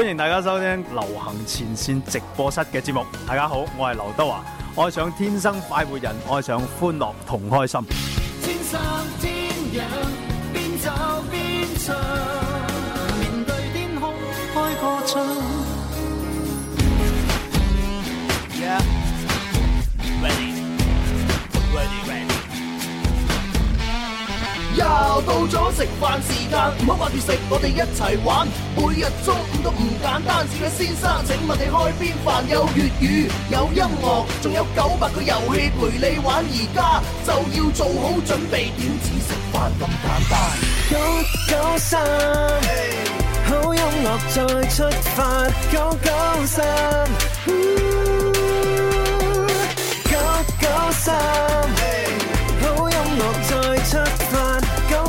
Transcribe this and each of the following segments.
歡迎大家收聽流行前綫直播室嘅節目，大家好，我係劉德華，愛上天生快活人，愛上歡樂同開心。Yeah. Ready. Ready, ready. 又到咗食飯時間，唔好掛住食，我哋一齊玩。每日中午都唔簡單，小嘅先生，請問你開邊飯？有粵語，有音樂，仲有九百個遊戲陪你玩。而家就要做好準備，點止食飯咁簡單？九九三，Hey. 好音樂再出發。九九三，九、嗯、九三，Hey. 好音樂再出發。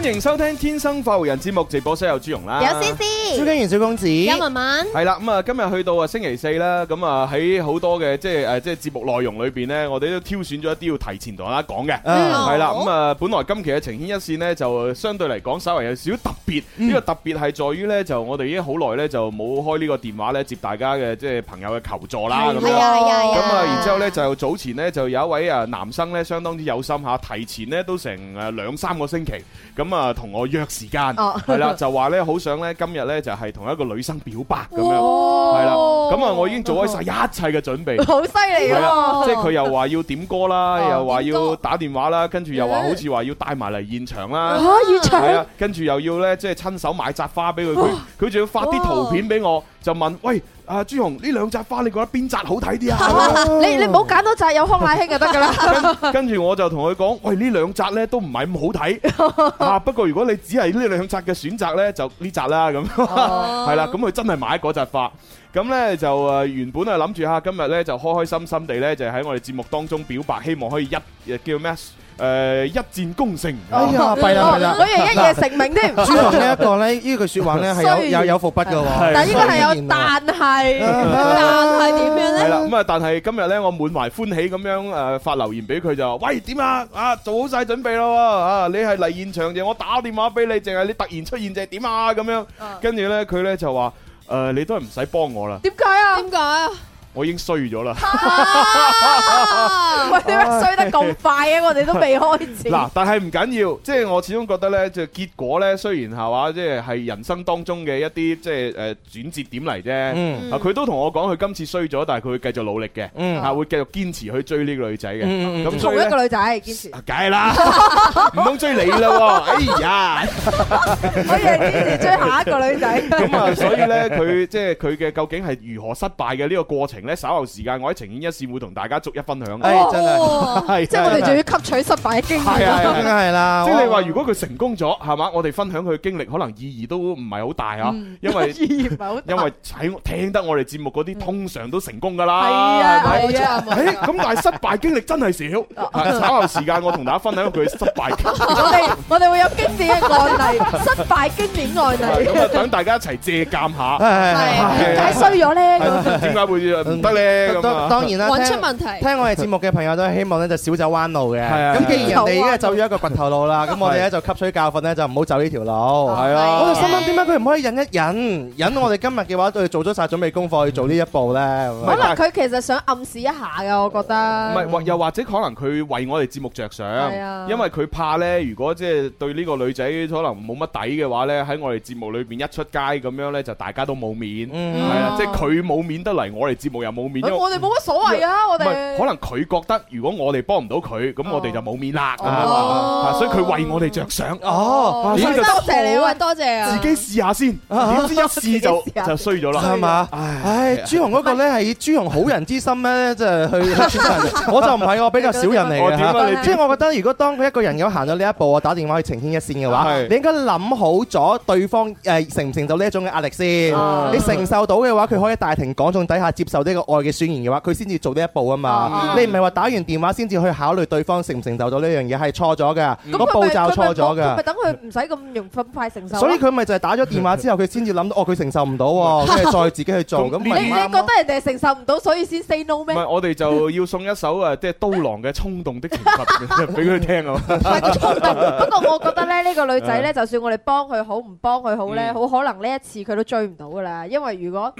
歡迎收聽《天生發福人》節目直播室，有朱容啦，有思思、朱敬源、小公子、有文文，係啦。咁、嗯、啊，今日去到啊星期四啦，咁啊喺好多嘅即係誒即係節目內容裏邊呢，我哋都挑選咗一啲要提前同大家講嘅，係啦。咁啊，本來今期嘅情牽一線呢，就相對嚟講稍為有少特別。呢、嗯、個特別係在於呢，就我哋已經好耐咧就冇開呢個電話咧接大家嘅即係朋友嘅求助啦。咁啊，的啊然之後咧就早前呢，就有一位啊男生呢，相當之有心吓，提前呢都成誒兩三個星期咁。咁啊，同我約時間係啦，就話咧好想咧今日咧就係、是、同一個女生表白咁樣，係啦哇。咁啊，我已經做咗晒一切嘅準備，好犀利，即係佢又話要點歌啦，啊、又話要打電話啦，跟住又話好似話要帶埋嚟現場啦、啊，現場係啊，跟住又要咧即係親手買扎花俾佢，佢佢仲要發啲圖片俾我，哇就問喂。啊，朱紅，呢兩扎花你覺得邊扎好睇啲啊？你你，唔好揀多扎有康乃馨就得噶啦。跟跟住我就同佢講，喂，呢兩扎咧都唔係咁好睇啊。不過如果你只係呢兩扎嘅選擇咧，就呢扎啦，咁，係啦。咁佢真係買嗰扎花。咁咧就誒原本係諗住嚇今日咧就開開心心地咧就喺我哋節目當中表白，希望可以一叫咩？誒，一戰功成，哎呀，弊啦弊啦，我仲一夜成名添。朱文呢一個咧，呢句說話咧係有又有伏筆噶但係應該係有，但係但係點樣咧？係啦，咁啊，但係今日咧，我滿懷歡喜咁樣誒發留言俾佢就，喂，點啊？啊，做好晒準備咯，啊，你係嚟現場定我打電話俾你？淨係你突然出現定點啊？咁樣，跟住咧，佢咧就話，誒，你都係唔使幫我啦。點解啊？點解？我已經衰咗啦！喂，點解衰得咁快啊？我哋都未開始。嗱，但係唔緊要，即係我始終覺得咧，即係結果咧，雖然係話，即係係人生當中嘅一啲即係誒轉折點嚟啫。啊，佢都同我講，佢今次衰咗，但係佢會繼續努力嘅，啊，會繼續堅持去追呢個女仔嘅。咁所以咧，一個女仔係堅持，梗係啦，唔通追你啦？哎呀，可以堅持追下一個女仔。咁啊，所以咧，佢即係佢嘅究竟係如何失敗嘅呢個過程？喺稍後時間，我喺情牽一線會同大家逐一分享，真係，係即係我哋仲要吸取失敗嘅經驗，係啦。即係你話如果佢成功咗，係嘛？我哋分享佢嘅經歷可能意義都唔係好大啊，因為意義唔係好大，因為喺聽得我哋節目嗰啲通常都成功㗎啦，係啊，係啊。咁但係失敗經歷真係少。稍後時間我同大家分享佢嘅失敗，我哋我哋會有經典案例，失敗經典案例，等大家一齊借鑑下，係點解衰咗咧，點解會？得咧咁啊！當然啦，揾出問題。聽我哋節目嘅朋友都係希望咧就少走彎路嘅。係啊，咁既然你已經走咗一個掘頭路啦，咁我哋咧就吸取教訓咧就唔好走呢條路。係啊，我就心諗點解佢唔可以忍一忍？忍到我哋今日嘅話對做咗晒準備功課去做呢一步咧。可能佢其實想暗示一下㗎，我覺得。唔係，或又或者可能佢為我哋節目著想，因為佢怕咧，如果即係對呢個女仔可能冇乜底嘅話咧，喺我哋節目裏邊一出街咁樣咧，就大家都冇面。係啊，即係佢冇面得嚟，我哋節目。又冇面，我哋冇乜所謂啊！我哋可能佢覺得，如果我哋幫唔到佢，咁我哋就冇面啦。啊，所以佢為我哋着想。哦，多謝你啊，多謝。自己試下先，點知一試就就衰咗啦，係嘛？唉，朱紅嗰個咧，係朱紅好人之心咧，即係去。我就唔係我比較小人嚟嘅。點啊你？即係我覺得，如果當佢一個人咁行到呢一步，我打電話去情牽一線嘅話，你應該諗好咗對方誒承唔承受呢一種嘅壓力先。你承受到嘅話，佢可以大庭廣眾底下接受。呢個愛嘅宣言嘅話，佢先至做呢一步啊嘛！你唔係話打完電話先至去考慮對方承唔承受到呢樣嘢，係錯咗嘅。個步驟錯咗嘅。咪等佢唔使咁容咁快承受。所以佢咪就係打咗電話之後，佢先至諗到哦，佢承受唔到，即係再自己去做咁。你你覺得人哋承受唔到，所以先 say no 咩？唔係，我哋就要送一首啊，即係刀郎嘅《衝動的懲罰》俾佢聽啊！不過我覺得咧，呢個女仔咧，就算我哋幫佢好，唔幫佢好咧，好可能呢一次佢都追唔到噶啦，因為如果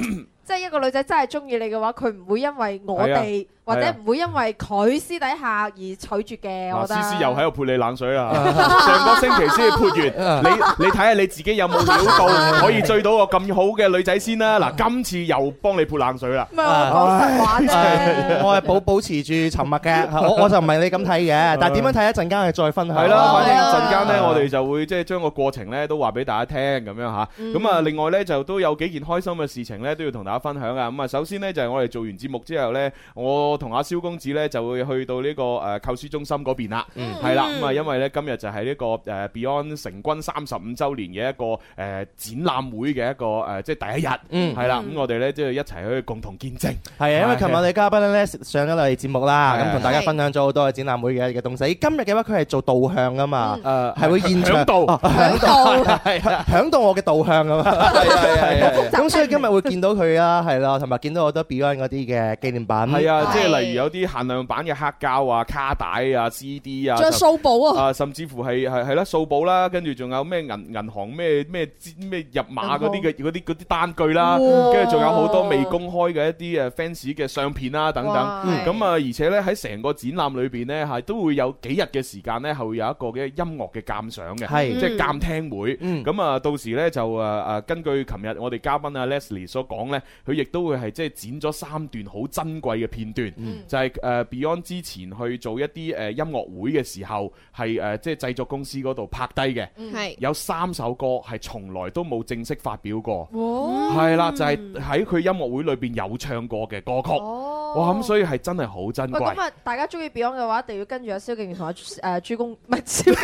即係一個女仔真係中意你嘅話，佢唔會因為我哋。或者唔會因為佢私底下而拒絕嘅，我覺得思思、啊、又喺度潑你冷水啊。 上個星期先潑完，你你睇下你自己有冇料到可以追到個咁好嘅女仔先啦。嗱，今次又幫你潑冷水啦。我講係 保保持住沉默嘅， 我就唔係你咁睇嘅。但係點樣睇？一陣間我再分享。係啦、 啊，反正一陣間咧，我哋就會即係將個過程咧都話俾大家聽咁樣吓，咁啊，另外咧就都有幾件開心嘅事情咧都要同大家分享㗎。咁啊，首先呢，就係、是、我哋做完節目之後咧，我。同阿蕭公子咧就會去到呢個誒購書中心嗰邊啦，係啦，咁啊，因為咧今日就係呢個誒 Beyond 成軍三十五週年嘅一個誒展覽會嘅一個誒即係第一日，係啦，咁我哋咧即係一齊去共同見證，係啊，因為琴日我哋嘉賓咧上咗嚟節目啦，咁同大家分享咗好多嘅展覽會嘅嘅東西。今日嘅話佢係做導向噶嘛，誒係會現場導，響到係響我嘅導向啊嘛，係係係。咁所以今日會見到佢啦，係咯，同埋見到好多 Beyond 嗰啲嘅紀念品，係啊，即係。例如有啲限量版嘅黑膠啊、卡帶啊、CD 啊，仲有數寶啊，啊，甚至乎係係係啦，數寶啦，跟住仲有咩銀銀行咩咩咩入馬嗰啲嘅嗰啲嗰啲單據啦、啊，跟住仲有好多未公開嘅一啲誒 fans 嘅相片啊等等，咁哇、嗯、啊，而且咧喺成個展覽裏邊咧係都會有幾日嘅時間咧係會有一個嘅音樂嘅鑑賞嘅，係是即係鑑聽會，咁啊、嗯嗯、到時咧就誒、啊、誒根據琴日我哋嘉賓啊 Leslie 所講咧，佢亦都會係即係剪咗三段好珍貴嘅片段。就係誒 Beyond 之前去做一啲誒音樂會嘅時候，係誒即係製作公司嗰度拍低嘅。嗯、有三首歌係從來都冇正式發表過，係啦、哦，就係喺佢音樂會裏邊有唱過嘅歌曲，我諗、哦哦嗯、所以係真係好珍貴。咁啊，大家中意 Beyond 嘅話，一定要跟住阿蕭敬騰同阿誒朱公，唔係朱朱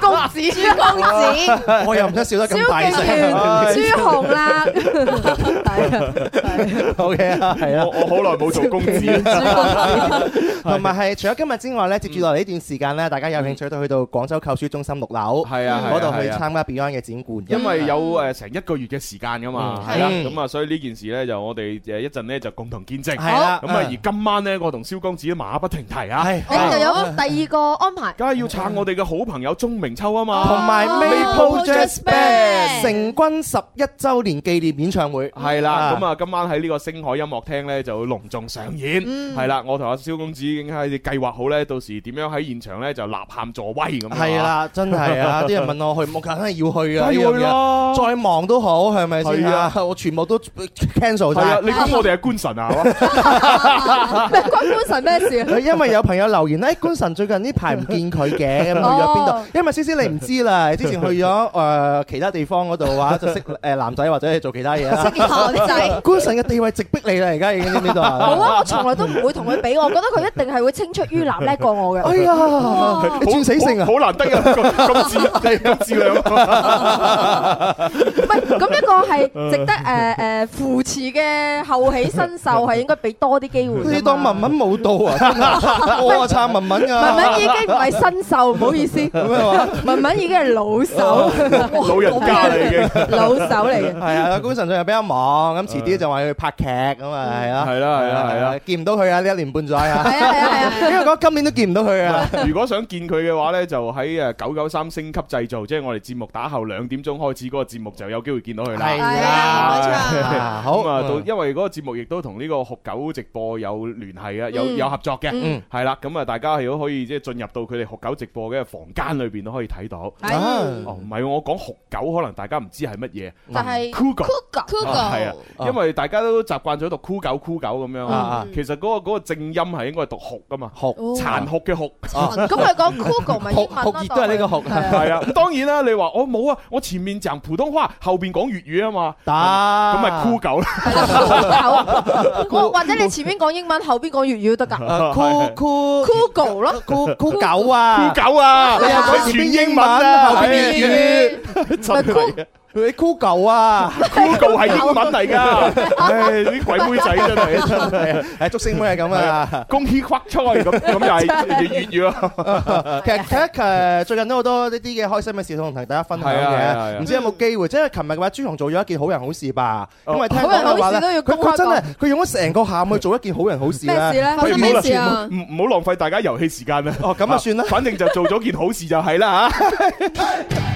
公子，朱公子，我又唔想笑得咁大聲，朱紅啦，係啊，係啊，我好耐冇做公子。同埋係除咗今日之外咧，接住落嚟呢段時間咧，大家有興趣都去到廣州購書中心六樓，係啊，嗰度去參加 Beyond 嘅展館，因為有誒成一個月嘅時間噶嘛，係啊，咁啊，所以呢件事咧就我哋一陣咧就共同見證，係啦，咁啊，而今晚咧，我同蕭公子都馬不停蹄啊，係，誒就有第二個安排，梗係要撐我哋嘅好朋友鐘明秋啊嘛，同埋 Maple Jazz Band 成軍十一週年紀念演唱會，係啦，咁啊，今晚喺呢個星海音樂廳咧就會隆重上演。係啦、嗯，我同阿蕭公子已經喺度計劃好咧，到時點樣喺現場咧就吶喊助威咁。係啦、啊，真係啊！啲人問我去， 我梗係要去噶。會啊，再忙都好，係咪先啊？我全部都 cancel 咗、啊。你講我哋係官神啊？咩 關官神咩事啊？ 因為有朋友留言咧，官神最近呢排唔見佢嘅，咁去咗邊度？因為思思 因為 你唔知啦，之前去咗誒、呃、其他地方嗰度話，就識誒男仔或者做其他嘢啊。識台仔官神嘅地位直逼你啦，而家已經呢度。 我都唔會同佢比，我覺得佢一定係會青出於藍叻過我嘅。哎呀，轉死性啊，好難得咁咁自係咁自唔係，咁一個係值得誒誒扶持嘅後起新秀，係應該俾多啲機會。你當文文冇到啊？我撐文文啊！文文已經唔係新秀，唔好意思。咁啊，文文已經係老手，老人家嚟嘅，老手嚟嘅。係啊，官神俊又比較忙，咁遲啲就話要去拍劇咁啊，係咯。係啦，係啦，係啦。唔到佢啊，呢一年半載啊，因為我今年都見唔到佢啊。如果想見佢嘅話咧，就喺誒九九三升級製造，即係我哋節目打後兩點鐘開始嗰個節目就有機會見到佢啦。係啊，好啊，因為嗰個節目亦都同呢個酷狗直播有聯繫啊，有有合作嘅，係啦。咁啊，大家如果可以即係進入到佢哋酷狗直播嘅房間裏邊都可以睇到。係啊，哦，唔係我講酷狗，可能大家唔知係乜嘢，但係酷狗，酷狗係啊，因為大家都習慣咗讀酷狗酷狗咁樣啊。其實其實嗰個個正音係應該係讀酷噶嘛，酷殘酷嘅酷。咁佢講酷狗咪英文咯，亦都係呢個酷係啊。當然啦，你話我冇啊，我前面講普通話，後邊講粵語啊嘛。得，咁咪酷狗啦。我或者你前面講英文，後邊講粵語都得。酷酷狗咯，酷狗啊，酷狗啊，佢前邊英文啊，後邊粵語。你酷狗啊，酷狗係英文嚟噶，唉，啲鬼妹仔真係，誒，竹升妹係咁啊，恭喜發財咁，咁又係粵語咯。其實，其實誒，最近都好多呢啲嘅開心嘅事，同同大家分享嘅，唔知有冇機會？即係琴日嘅話，朱雄做咗一件好人好事吧。因為好人好事都要佢真係，佢用咗成個下午去做一件好人好事咧。咩事咧？冇事啊，唔唔好浪費大家遊戲時間啊！哦，咁啊，算啦。反正就做咗件好事就係啦嚇。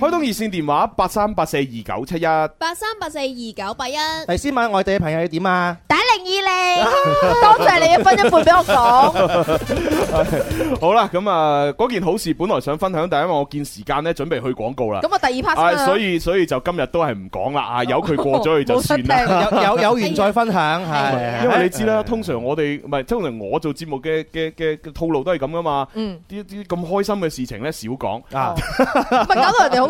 開通熱線電話八三八四二九七一八三八四二九八一。嚟先問外地嘅朋友要點啊？打零二零，多謝你分一半俾我講。好啦，咁啊，嗰件好事本來想分享，但係因為我見時間咧，準備去廣告啦。咁啊，第二 part。係，所以所以就今日都係唔講啦，啊，由佢過咗去就算啦，有有有緣再分享。係，因為你知啦，通常我哋唔係，通常我做節目嘅嘅嘅套路都係咁噶嘛。嗯。啲啲咁開心嘅事情咧，少講啊。咪搞到人哋好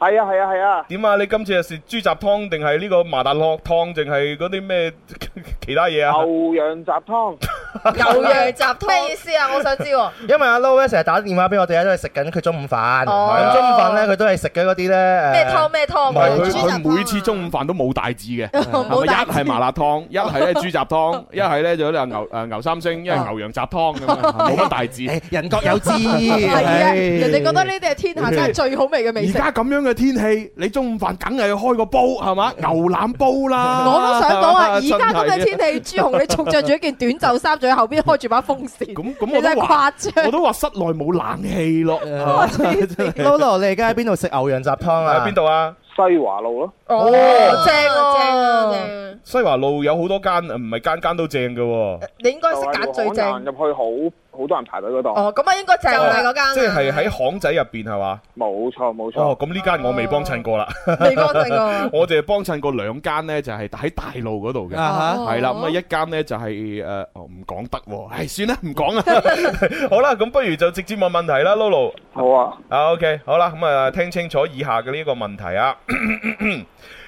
係啊係啊係啊！點啊？你今次係食豬雜湯定係呢個麻辣鍋定係嗰啲咩其他嘢啊？牛羊雜湯，牛羊雜湯咩意思啊？我想知。因為阿 l o u i 成日打電話俾我哋咧，都係食緊佢中午飯。哦。中午飯咧，佢都係食緊嗰啲咧。咩湯咩湯？唔係佢，佢每次中午飯都冇大字嘅。一係麻辣湯，一係咧豬雜湯，一係咧就嗰啲牛牛三星，因係牛羊雜湯，冇乜大字。人各有志。人哋覺得呢啲係天下真間最好味嘅美食。而家咁樣嘅。天氣，你中午飯梗係要開個煲係嘛，牛腩煲啦。我都想講啊，而家咁嘅天氣，朱真是 紅你仲着住一件短袖衫，仲喺後邊開住把風扇，咁咁 我， 我真係誇張，我都話室內冇冷氣咯。老羅， Lolo, 你而家喺邊度食牛羊雜湯啊？喺邊度啊？西華路咯。哦，正啊，正啊，正！西華路有好多間，唔係間間都正㗎。你應該識揀最正。入去好好多人排喺嗰度。哦，咁啊，應該正啊，嗰間。即係喺巷仔入邊係嘛？冇錯，冇錯。哦，咁呢間我未幫襯過啦。未幫襯過。我哋幫襯過兩間咧，就係喺大路嗰度嘅。係啦，咁啊，一間咧就係誒，唔講得，唉算啦，唔講啦。好啦，咁不如就直接問問題啦，Lulu。好啊。啊，OK，好啦，咁啊，聽清楚以下嘅呢個問題啊。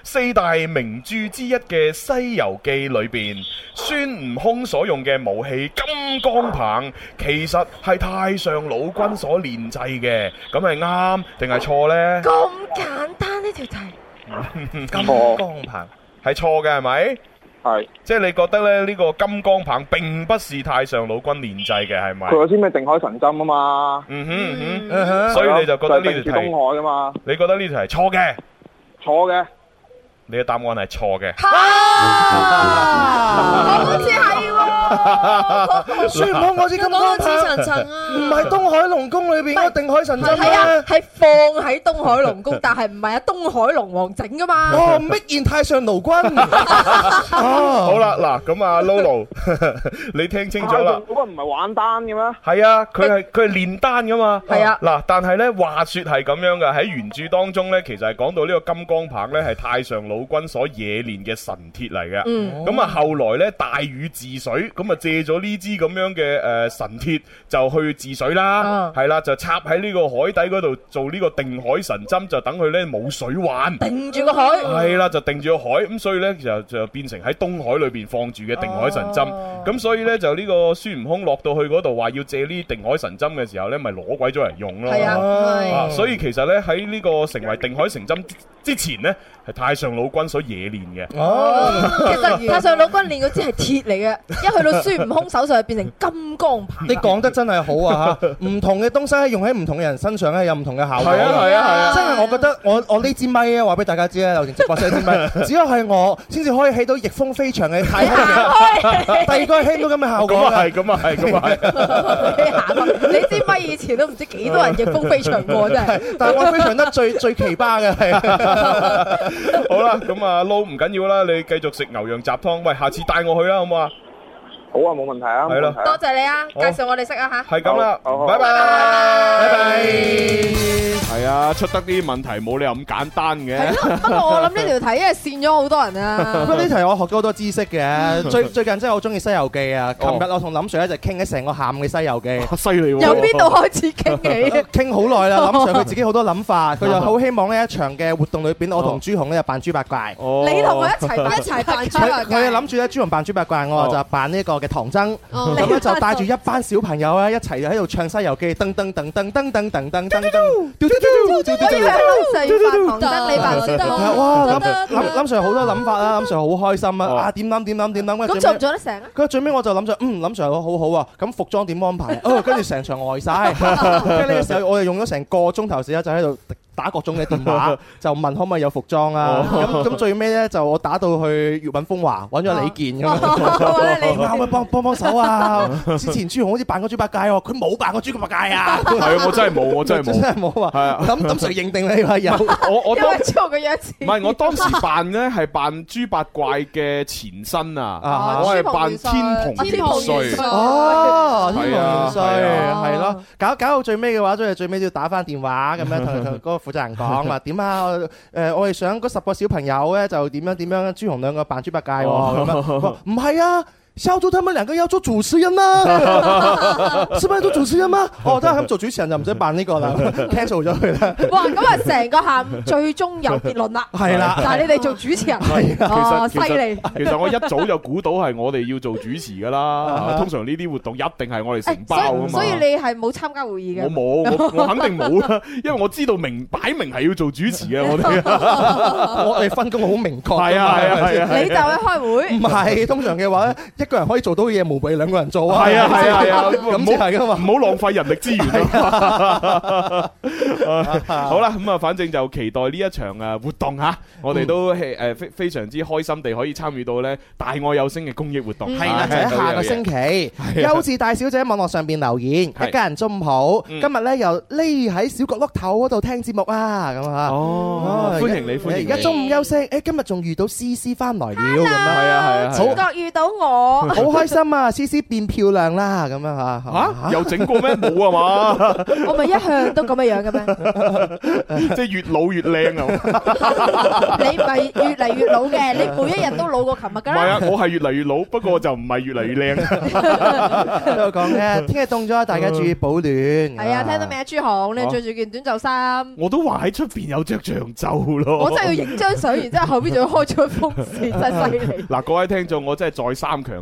四大名著之一嘅《西遊記裡面》裏邊，孫悟空所用嘅武器金剛棒，其實係太上老君所煉製嘅，咁係啱定係錯呢？咁、啊、簡單呢條題？ 金剛棒係錯嘅係咪？係，是即係你覺得咧呢、呢個金剛棒並不是太上老君煉製嘅係咪？佢有啲咩定海神針啊嘛嗯？嗯哼，所以你就覺得呢條題？你覺得呢條題錯嘅？錯嘅？你嘅答案係錯嘅。嚇！孫悟空我先金光，紫塵塵啊，唔係東海龍宮裏邊個定海神針啊，係放喺東海龍宮，但係唔係啊。東海龍王整噶嘛。哦，滅焰太上老君。好啦，嗱，咁啊 Lolo 你聽清楚啦。嗰個唔係玩單嘅咩？係啊，佢係佢係煉丹噶嘛。係啊。嗱，但係咧，話說係咁樣噶，喺原著當中咧，其實係講到呢個金光棒咧，係太上老君所冶煉嘅神鐵嚟嘅。嗯。咁啊，後來咧大禹治水。咁啊借咗呢支咁樣嘅誒神鐵就去治水啦，係啦，就插喺呢個海底嗰度做呢個定海神針，就等佢咧冇水患。定住個海係啦，就定住個海咁，所以咧就就變成喺東海裏邊放住嘅定海神針。咁所以咧就呢個孫悟空落到去嗰度話要借呢定海神針嘅時候咧，咪攞鬼咗嚟用咯。係啊，所以其實咧喺呢個成為定海神針之前咧，係太上老君所冶煉嘅。哦，其實太上老君練嗰支係鐵嚟嘅，因為。孫悟空手上變成金剛棒，你講得真係好啊！吓，唔同嘅東西用喺唔同嘅人身上咧，有唔同嘅效果。係啊係啊係啊！真係我覺得我， 我我呢支咪啊，話俾大家知啊！劉杰，話聲啲咪， 只要係我，先至可以起到逆風飛翔嘅效果。第二個係起到咁嘅效果係，咁啊係，咁啊 你支咪，咪以前都唔知幾多人逆風飛翔過真係。但係我飛翔得最最奇葩嘅係。好啦，咁啊撈唔緊要啦，你繼續食牛羊雜湯。喂，下次帶我去啦，好唔好啊？好啊，冇問題啊，係咯，多謝你啊，介紹我哋識啊嚇，係咁啦，拜拜，拜拜，係啊，出得啲問題冇理由咁簡單嘅。不過我諗呢條題真係跣咗好多人啊。不過呢題我學咗好多知識嘅，最最近真係好中意《西遊記》啊。琴日我同林尚咧就傾咗成個下午嘅《西遊記》，犀利喎。由邊度開始傾起？傾好耐啦，林尚佢自己好多諗法，佢又好希望咧一場嘅活動裏邊，我同朱紅咧就扮豬八怪。哦，你同我一齊扮一齊扮豬八怪。係啊，諗住咧朱紅扮豬八怪，我就扮呢一個嘅唐僧，咁咧就帶住一班小朋友咧一齊喺度唱西遊記，噔噔噔噔噔噔噔噔噔，嘟嘟嘟嘟哇！諗諗 Sir 好多諗法啦，諗 Sir 好開心啊，啊點諗點諗點諗，咁做咗得成啊？佢最尾我就諗咗，嗯，諗 Sir 好，好好啊，咁服裝點安排？哦，跟住成場呆晒。跟住呢個時候我哋用咗成個鐘頭時間就喺度。打各種嘅電話就問可唔可以有服裝啊？咁咁最尾咧就我打到去粵韻風華揾咗李健咁樣，可唔可以！幫幫幫手啊！之前朱紅好似扮過豬八戒喎，佢冇扮過豬八戒啊！係啊，我真係冇，我真係冇，真係冇啊！係啊！咁咁就認定你係有？我我當朱紅嘅一次唔係我當時扮咧係扮豬八怪嘅前身啊！我係扮天蓬元帥哦，天蓬元帥係咯，搞搞到最尾嘅話，都係最尾都要打返電話咁樣同同個。負責人講話，點啊？誒，我哋想嗰十個小朋友咧，就點樣點樣？朱紅兩個扮豬八戒喎，咁樣唔係啊。哦嗎 收咗，他們兩個要做主持人啦，係咪做主持人嗎？哦，但係佢做主持人就唔使辦呢個啦，cancel 咗佢啦。哇，咁啊，成個下午最終有結論啦，係啦，但係你哋做主持人，哦，犀利。其實我一早就估到係我哋要做主持噶啦，通常呢啲活動一定係我哋承包噶嘛。所以你係冇參加會議嘅，我冇，我肯定冇啦，因為我知道明擺明係要做主持嘅，我哋，我哋分工好明確，係啊，係啊，係啊。你就去開會，唔係，通常嘅話咧。一個人可以做到嘅嘢，冇俾兩個人做啊！係啊係啊係啊，咁先係噶嘛，唔好浪費人力資源啊！好啦，咁啊，反正就期待呢一場啊活動吓，我哋都係誒，非非常之開心地可以參與到咧大愛有聲嘅公益活動。係啦，喺下個星期，優質大小姐喺網絡上邊留言，一家人中午好，今日咧又匿喺小角落頭嗰度聽節目啊！咁啊，哦，歡迎你，歡迎你。而家中午休息，誒，今日仲遇到 C C 翻來了，咁啊，係啊，係啊，好，感覺遇到我。好開心啊！詩詩變漂亮啦，咁樣吓，吓又整過咩？冇啊嘛，我咪一向都咁嘅樣嘅咩？即係越老越靚啊！你咪越嚟越老嘅，你每一日都老過琴日噶啦。係啊，我係越嚟越老，不過就唔係越嚟越靚。我講嘅，聽日凍咗，大家注意保暖。係啊，聽到咩朱珠江，你着住件短袖衫。我都話喺出邊有着長袖咯。我真係要影張相，然之後後邊仲要開咗風扇，真係犀利。嗱，各位聽眾，我真係再三強。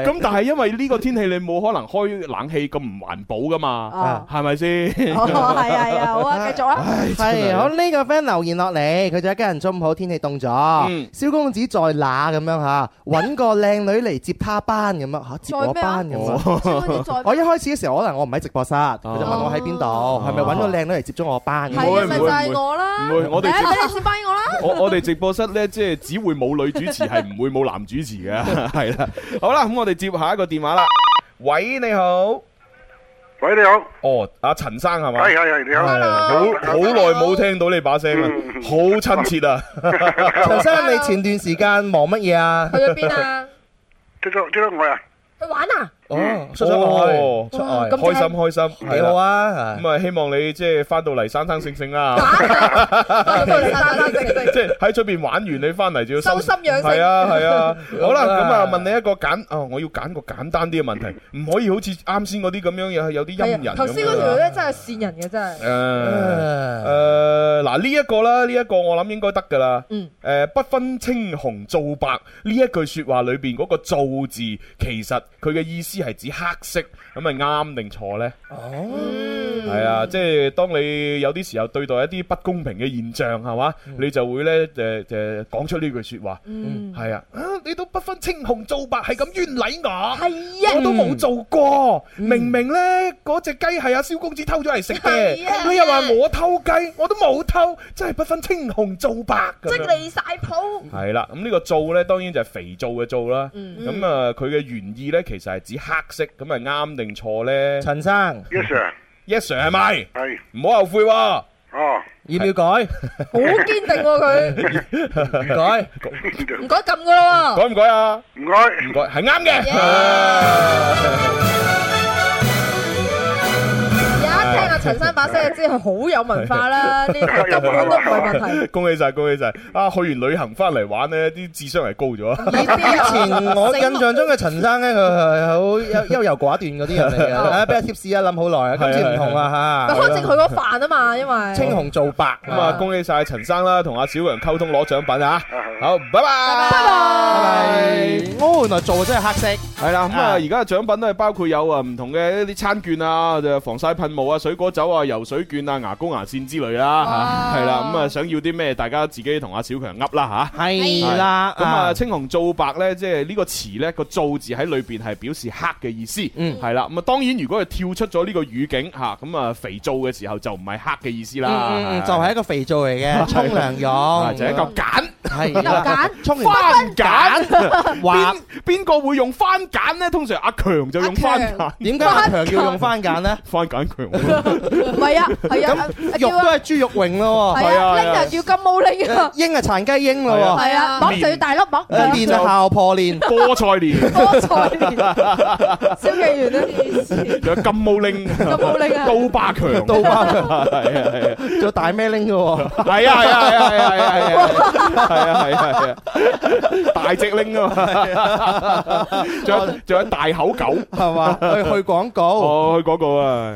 咁但係因為呢個天氣你冇可能開冷氣咁唔環保噶嘛，係咪先？係啊，係啊，好啊，繼續啊。係我呢個 friend 留言落嚟，佢就一家人中午好，天氣凍咗。蕭公子在哪咁樣吓？搵個靚女嚟接他班咁樣吓，接我班咁。我一開始嘅時候可能我唔喺直播室，佢就問我喺邊度，係咪搵個靚女嚟接咗我班？係咪就係我啦？唔會，我哋接唔會，我我哋直播室咧，即係只會冇女主持，係唔會冇男主持嘅，係啦。好啦，咁我哋。接下一個電話啦，喂，你好，喂，你好，哦，阿陳生係嘛？係係係你好，好好耐冇聽到你把聲啦，好親、嗯、切啊，陳 生 Hello. 你前段時間忙乜嘢？啊？ 去咗邊啊？出咗出咗外啊？去玩啊？哦，出咗外，出外開心開心，係好啊！咁啊，希望你即係翻到嚟生生性性啦，即係喺出邊玩完你翻嚟就要收心養性。係啊係啊，好啦，咁啊問你一個簡，哦，我要揀個簡單啲嘅問題，唔可以好似啱先嗰啲咁樣有有啲陰人。頭先嗰條咧真係善人嘅真係。誒誒，嗱呢一個啦，呢一個我諗應該得噶啦。嗯。誒，不分青紅皂白呢一句說話裏邊嗰個皂字，其實佢嘅意思。係指黑色。咁咪啱定錯呢？哦，係啊，即係當你有啲時候對待一啲不公平嘅現象，係嘛，你就會呢，誒誒講出呢句說話。嗯，係啊，你都不分青紅皂白，係咁冤枉我，係啊，我都冇做過，明明呢嗰隻雞係阿蕭公子偷咗嚟食嘅，佢又話我偷雞，我都冇偷，真係不分青紅皂白，即係離晒譜。係啦，咁呢個皂呢，當然就係肥皂嘅皂啦。咁啊，佢嘅原意呢，其實係指黑色，咁係啱。定錯咧，陳生，Yes sir，Yes sir 係咪？係，唔好後悔喎。哦，要唔要改？好堅定喎佢，改唔改？唔改咁噶咯，改唔改啊？唔改，唔改係啱嘅。陳生把聲啊，真係好有文化啦！呢個根本都唔係問題。恭喜晒，恭喜晒！啊，去完旅行翻嚟玩呢啲智商係高咗。以前我印象中嘅陳生咧，佢係好優優柔寡斷嗰啲人嚟嘅。啊，俾個貼士啊，諗好耐啊，今次唔同啊嚇。改正佢個犯啊嘛，因為青紅皂白。咁啊，恭喜晒陳生啦，同阿小楊溝通攞獎品啊！好，拜拜。拜拜。哦，原來做真係黑色。係啦，咁啊，而家嘅獎品都係包括有啊唔同嘅一啲餐券啊，就係防曬噴霧啊，水果。酒啊！遊水券啊！牙膏牙線之類啦，係啦。咁啊，想要啲咩？大家自己同阿小強噏啦吓，係啦。咁啊，青紅皂白咧，即係呢個詞咧個皂字喺裏邊係表示黑嘅意思，係啦。咁啊，當然如果係跳出咗呢個語境吓，咁啊肥皂嘅時候就唔係黑嘅意思啦，就係一個肥皂嚟嘅，沖涼用，就係一嚿鹼，係，沖涼鹼，邊邊個會用番鹼咧？通常阿強就用番鹼，點解阿強要用番鹼咧？番鹼強。唔係啊，係啊，肉都係豬肉榮咯，拎啊要金毛拎，鷹啊殘雞鷹咯，係啊，卜就要大粒卜，鏈就校破鏈，菠菜鏈，菠菜，銷記員啊，以前仲有金毛拎，金毛拎啊，刀疤強，刀疤強，係啊係啊，仲有大咩拎噶，係啊係啊係啊係啊係啊係啊係啊係啊，大隻拎啊嘛，仲有仲有大口狗係嘛，去去廣告，哦，去廣告啊。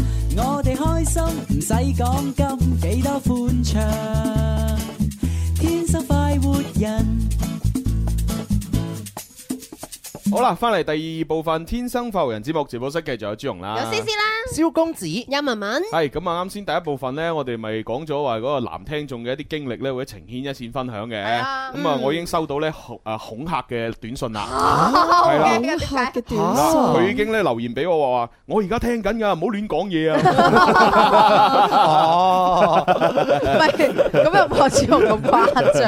我哋開心唔使講，金，幾多歡暢，天生快活人。好啦，翻嚟第二部分《天生浮人之幕》直播室，繼續有朱紅啦，有詩詩啦，蕭公子，有文文。係咁啊！啱先第一部分咧，我哋咪講咗話嗰個男聽眾嘅一啲經歷咧，會情牽一線分享嘅。咁啊，我已經收到咧恐啊恐嚇嘅短信啦。吓，恐嚇嘅短信。佢已經咧留言俾我話：話我而家聽緊噶，唔好亂講嘢啊！唔係，咁又何止咁誇張？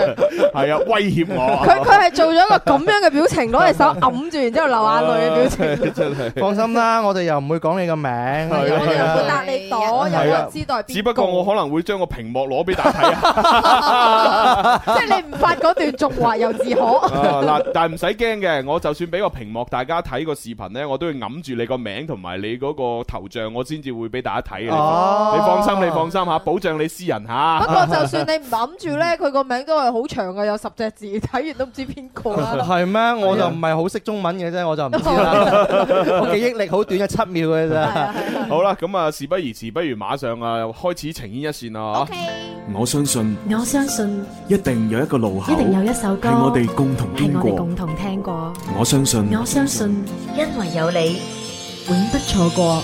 係啊，威脅我。佢佢係做咗一個咁樣嘅表情，攞隻手揞。完之後流眼淚嘅表情， 放心啦，我哋又唔會講你個名，我又唔會答你朵，又唔知代。只不過我可能會將個屏幕攞俾大家睇，即係你唔發嗰段續話又自可。嗱，但係唔使驚嘅，我就算俾個屏幕大家睇個視頻咧，我都會揞住你個名同埋你嗰個頭像，我先至會俾大家睇嘅、啊。你放，啊、你放心，你放心嚇，保障你私人嚇。不過、啊、就算你唔揞住咧，佢個名都係好長嘅，有十隻字，睇完都唔知邊個、啊。係咩？ 我就唔係好識中 文嘅啫，我就唔知啦。我記憶力好短，七秒嘅咋。好啦，咁啊，事不宜遲，不如馬上啊，開始情牽一線啊。我相信，我相信一定有一個路口，一定有一首歌係我哋共同經過，係我哋共同聽過。我相信，我相信因為有你，永不錯過。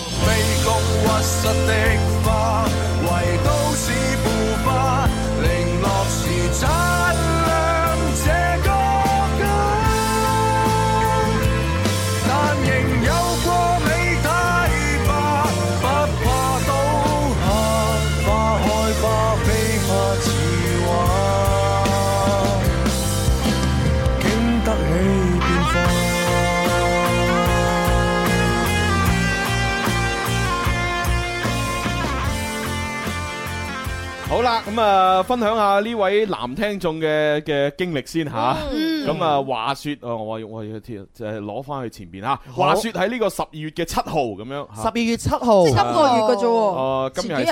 好啦，咁、嗯、啊，嗯、分享下呢位男聽眾嘅嘅經歷先吓。咁啊、嗯嗯哦、啊，話說我我我要即係攞翻去前邊吓。話說喺呢個十二月嘅七號咁樣。十二月七號，今個月嘅啫。今日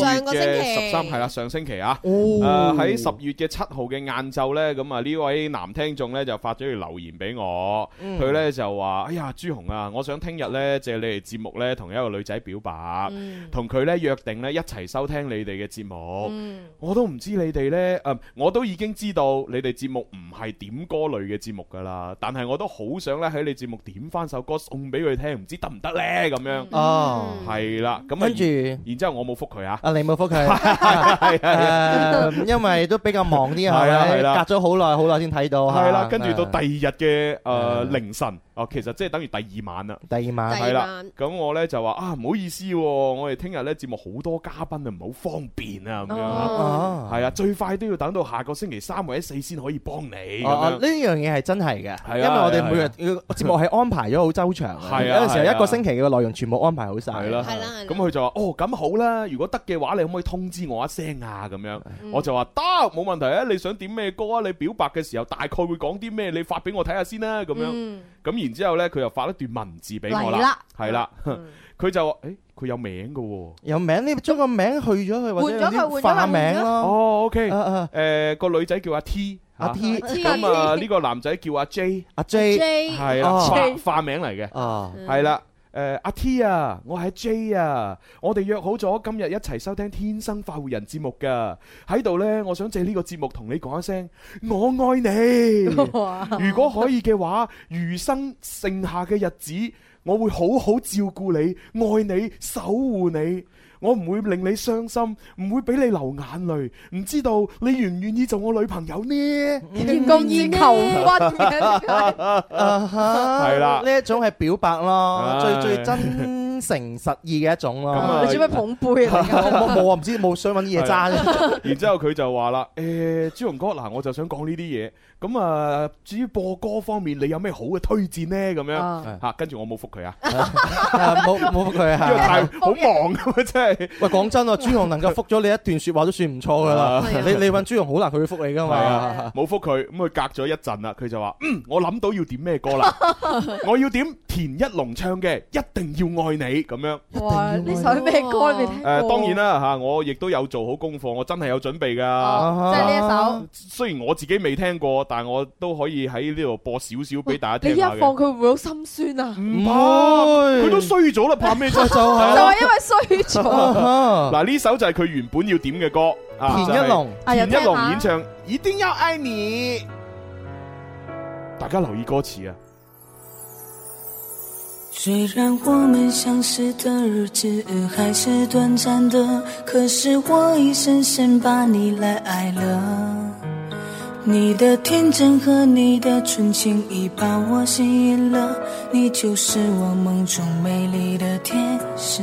上個星期十三係啦，上星期啊。誒喺十月嘅七號嘅晏晝咧，咁、嗯、啊呢位男聽眾咧就發咗條留言俾我，佢咧、嗯、就話：哎呀，朱紅啊，我想聽日咧借你哋節目咧，同一個女仔表白，同佢咧約定咧一齊收聽你哋嘅節目。嗯，我都唔知你哋咧，誒，我都已經知道你哋節目唔係點歌類嘅節目噶啦，但係我都好想咧喺你節目點翻首歌送俾佢聽，唔知得唔得咧咁樣？哦，係啦，咁跟住，然之後我冇復佢啊，啊你冇復佢，係係係，因為都比較忙啲，係咪？係啦，係啦，隔咗好耐好耐先睇到，係啦，跟住到第二日嘅誒凌晨。哦，其實即係等於第二晚啦，第二晚係啦。咁我咧就話啊，唔好意思，我哋聽日咧節目好多嘉賓啊，唔係好方便啊，咁樣。係啊，最快都要等到下個星期三或者四先可以幫你。呢樣嘢係真係嘅，因為我哋每日節目係安排咗好周詳，係啊，有陣時一個星期嘅內容全部安排好晒。係啦，咁佢就話哦，咁好啦，如果得嘅話，你可唔可以通知我一聲啊？咁樣，我就話得，冇問題啊。你想點咩歌啊？你表白嘅時候大概會講啲咩？你發俾我睇下先啦。咁樣，咁然之後咧，佢又發一段文字俾我啦，係啦，佢就誒，佢有名㗎喎，有名你將個名去咗佢，換咗佢，換咗個名咯。哦，OK，誒個女仔叫阿 T，阿 T，咁啊呢個男仔叫阿 J，阿 J，係啦，化化名嚟嘅，哦，係啦。誒阿、uh, T ia, 啊，我係 J 啊，我哋約好咗今日一齊收聽《天生發活人》節目噶，喺度呢，我想借呢個節目同你講一聲，我愛你。 如果可以嘅話，餘生剩下嘅日子，我會好好照顧你，愛你，守護你。我唔會令你傷心，唔會俾你流眼淚，唔知道你願唔願意做我女朋友呢？言過意求屈，係、 uh huh, 啦，呢一種係表白咯 啦，最最真誠實意嘅一種咯。咁啊， 你做咩捧杯嚟噶？冇啊，唔 知冇想搵啲嘢爭。 然之後佢就話啦，誒、欸，朱紅哥嗱、呃，我就想講呢啲嘢。咁啊，至於播歌方面，你有咩好嘅推薦呢？咁樣吓， 跟住我冇覆佢啊，冇冇覆佢，好、啊、 忙咁 喂，講真啊，朱紅能夠覆咗你一段說話都算唔錯噶啦。你你問朱紅好難，佢會覆你噶嘛？冇覆佢，咁佢隔咗一陣啦，佢就話：嗯，我諗到要點咩歌啦？我要點田一龍唱嘅《一定要愛你》咁樣。哇，呢首咩歌你聽？誒，當然啦，吓我亦都有做好功課，我真係有準備噶。即係呢一首。雖然我自己未聽過，但我都可以喺呢度播少少俾大家聽。你一放佢會好心酸啊？唔係，佢都衰咗啦，怕咩啫？就就係因為衰咗。嗱，呢、oh, 首就係佢原本要點嘅歌，田一龍，田、就是 oh. 一龍演唱《啊、一,一定要愛你》，大家留意歌詞啊。雖然我們相識的日子還是短暫的，可是我已深深把你來愛了。你的天真和你的純情已把我吸引了，你就是我夢中美麗的天使。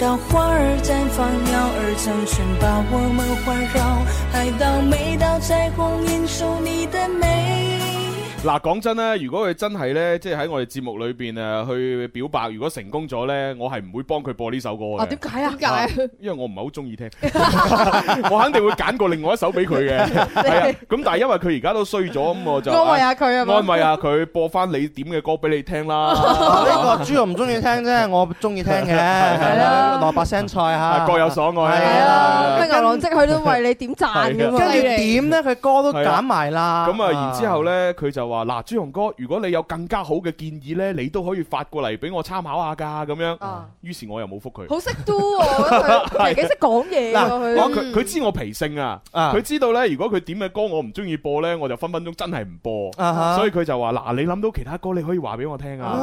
到花兒綻放，鳥兒成群，把我們環繞；愛到每道彩虹映出你的美。嗱，講真咧，如果佢真係咧，即係喺我哋節目裏邊誒去表白，如果成功咗咧，我係唔會幫佢播呢首歌嘅。啊，點解啊？因爲我唔係好中意聽，我肯定會揀過另外一首俾佢嘅。係啊，咁但係因為佢而家都衰咗，咁我就安慰下佢啊，安慰下佢，播翻你點嘅歌俾你聽啦。呢個豬肉唔中意聽啫，我中意聽嘅。係咯，蘿蔔青菜吓，各有所愛。係啊，跟住牛郎織佢都為你點讚咁啊？跟住點咧，佢歌都揀埋啦。咁啊，然之後咧，佢就。話嗱，朱紅哥，如果你有更加好嘅建議咧，你都可以發過嚟俾我參考下噶咁樣。於是我又冇覆佢。好識都，佢幾識講嘢。嗱，佢佢知我脾性啊，佢知道咧，如果佢點嘅歌我唔中意播咧，我就分分鐘真係唔播。所以佢就話嗱，你諗到其他歌，你可以話俾我聽啊。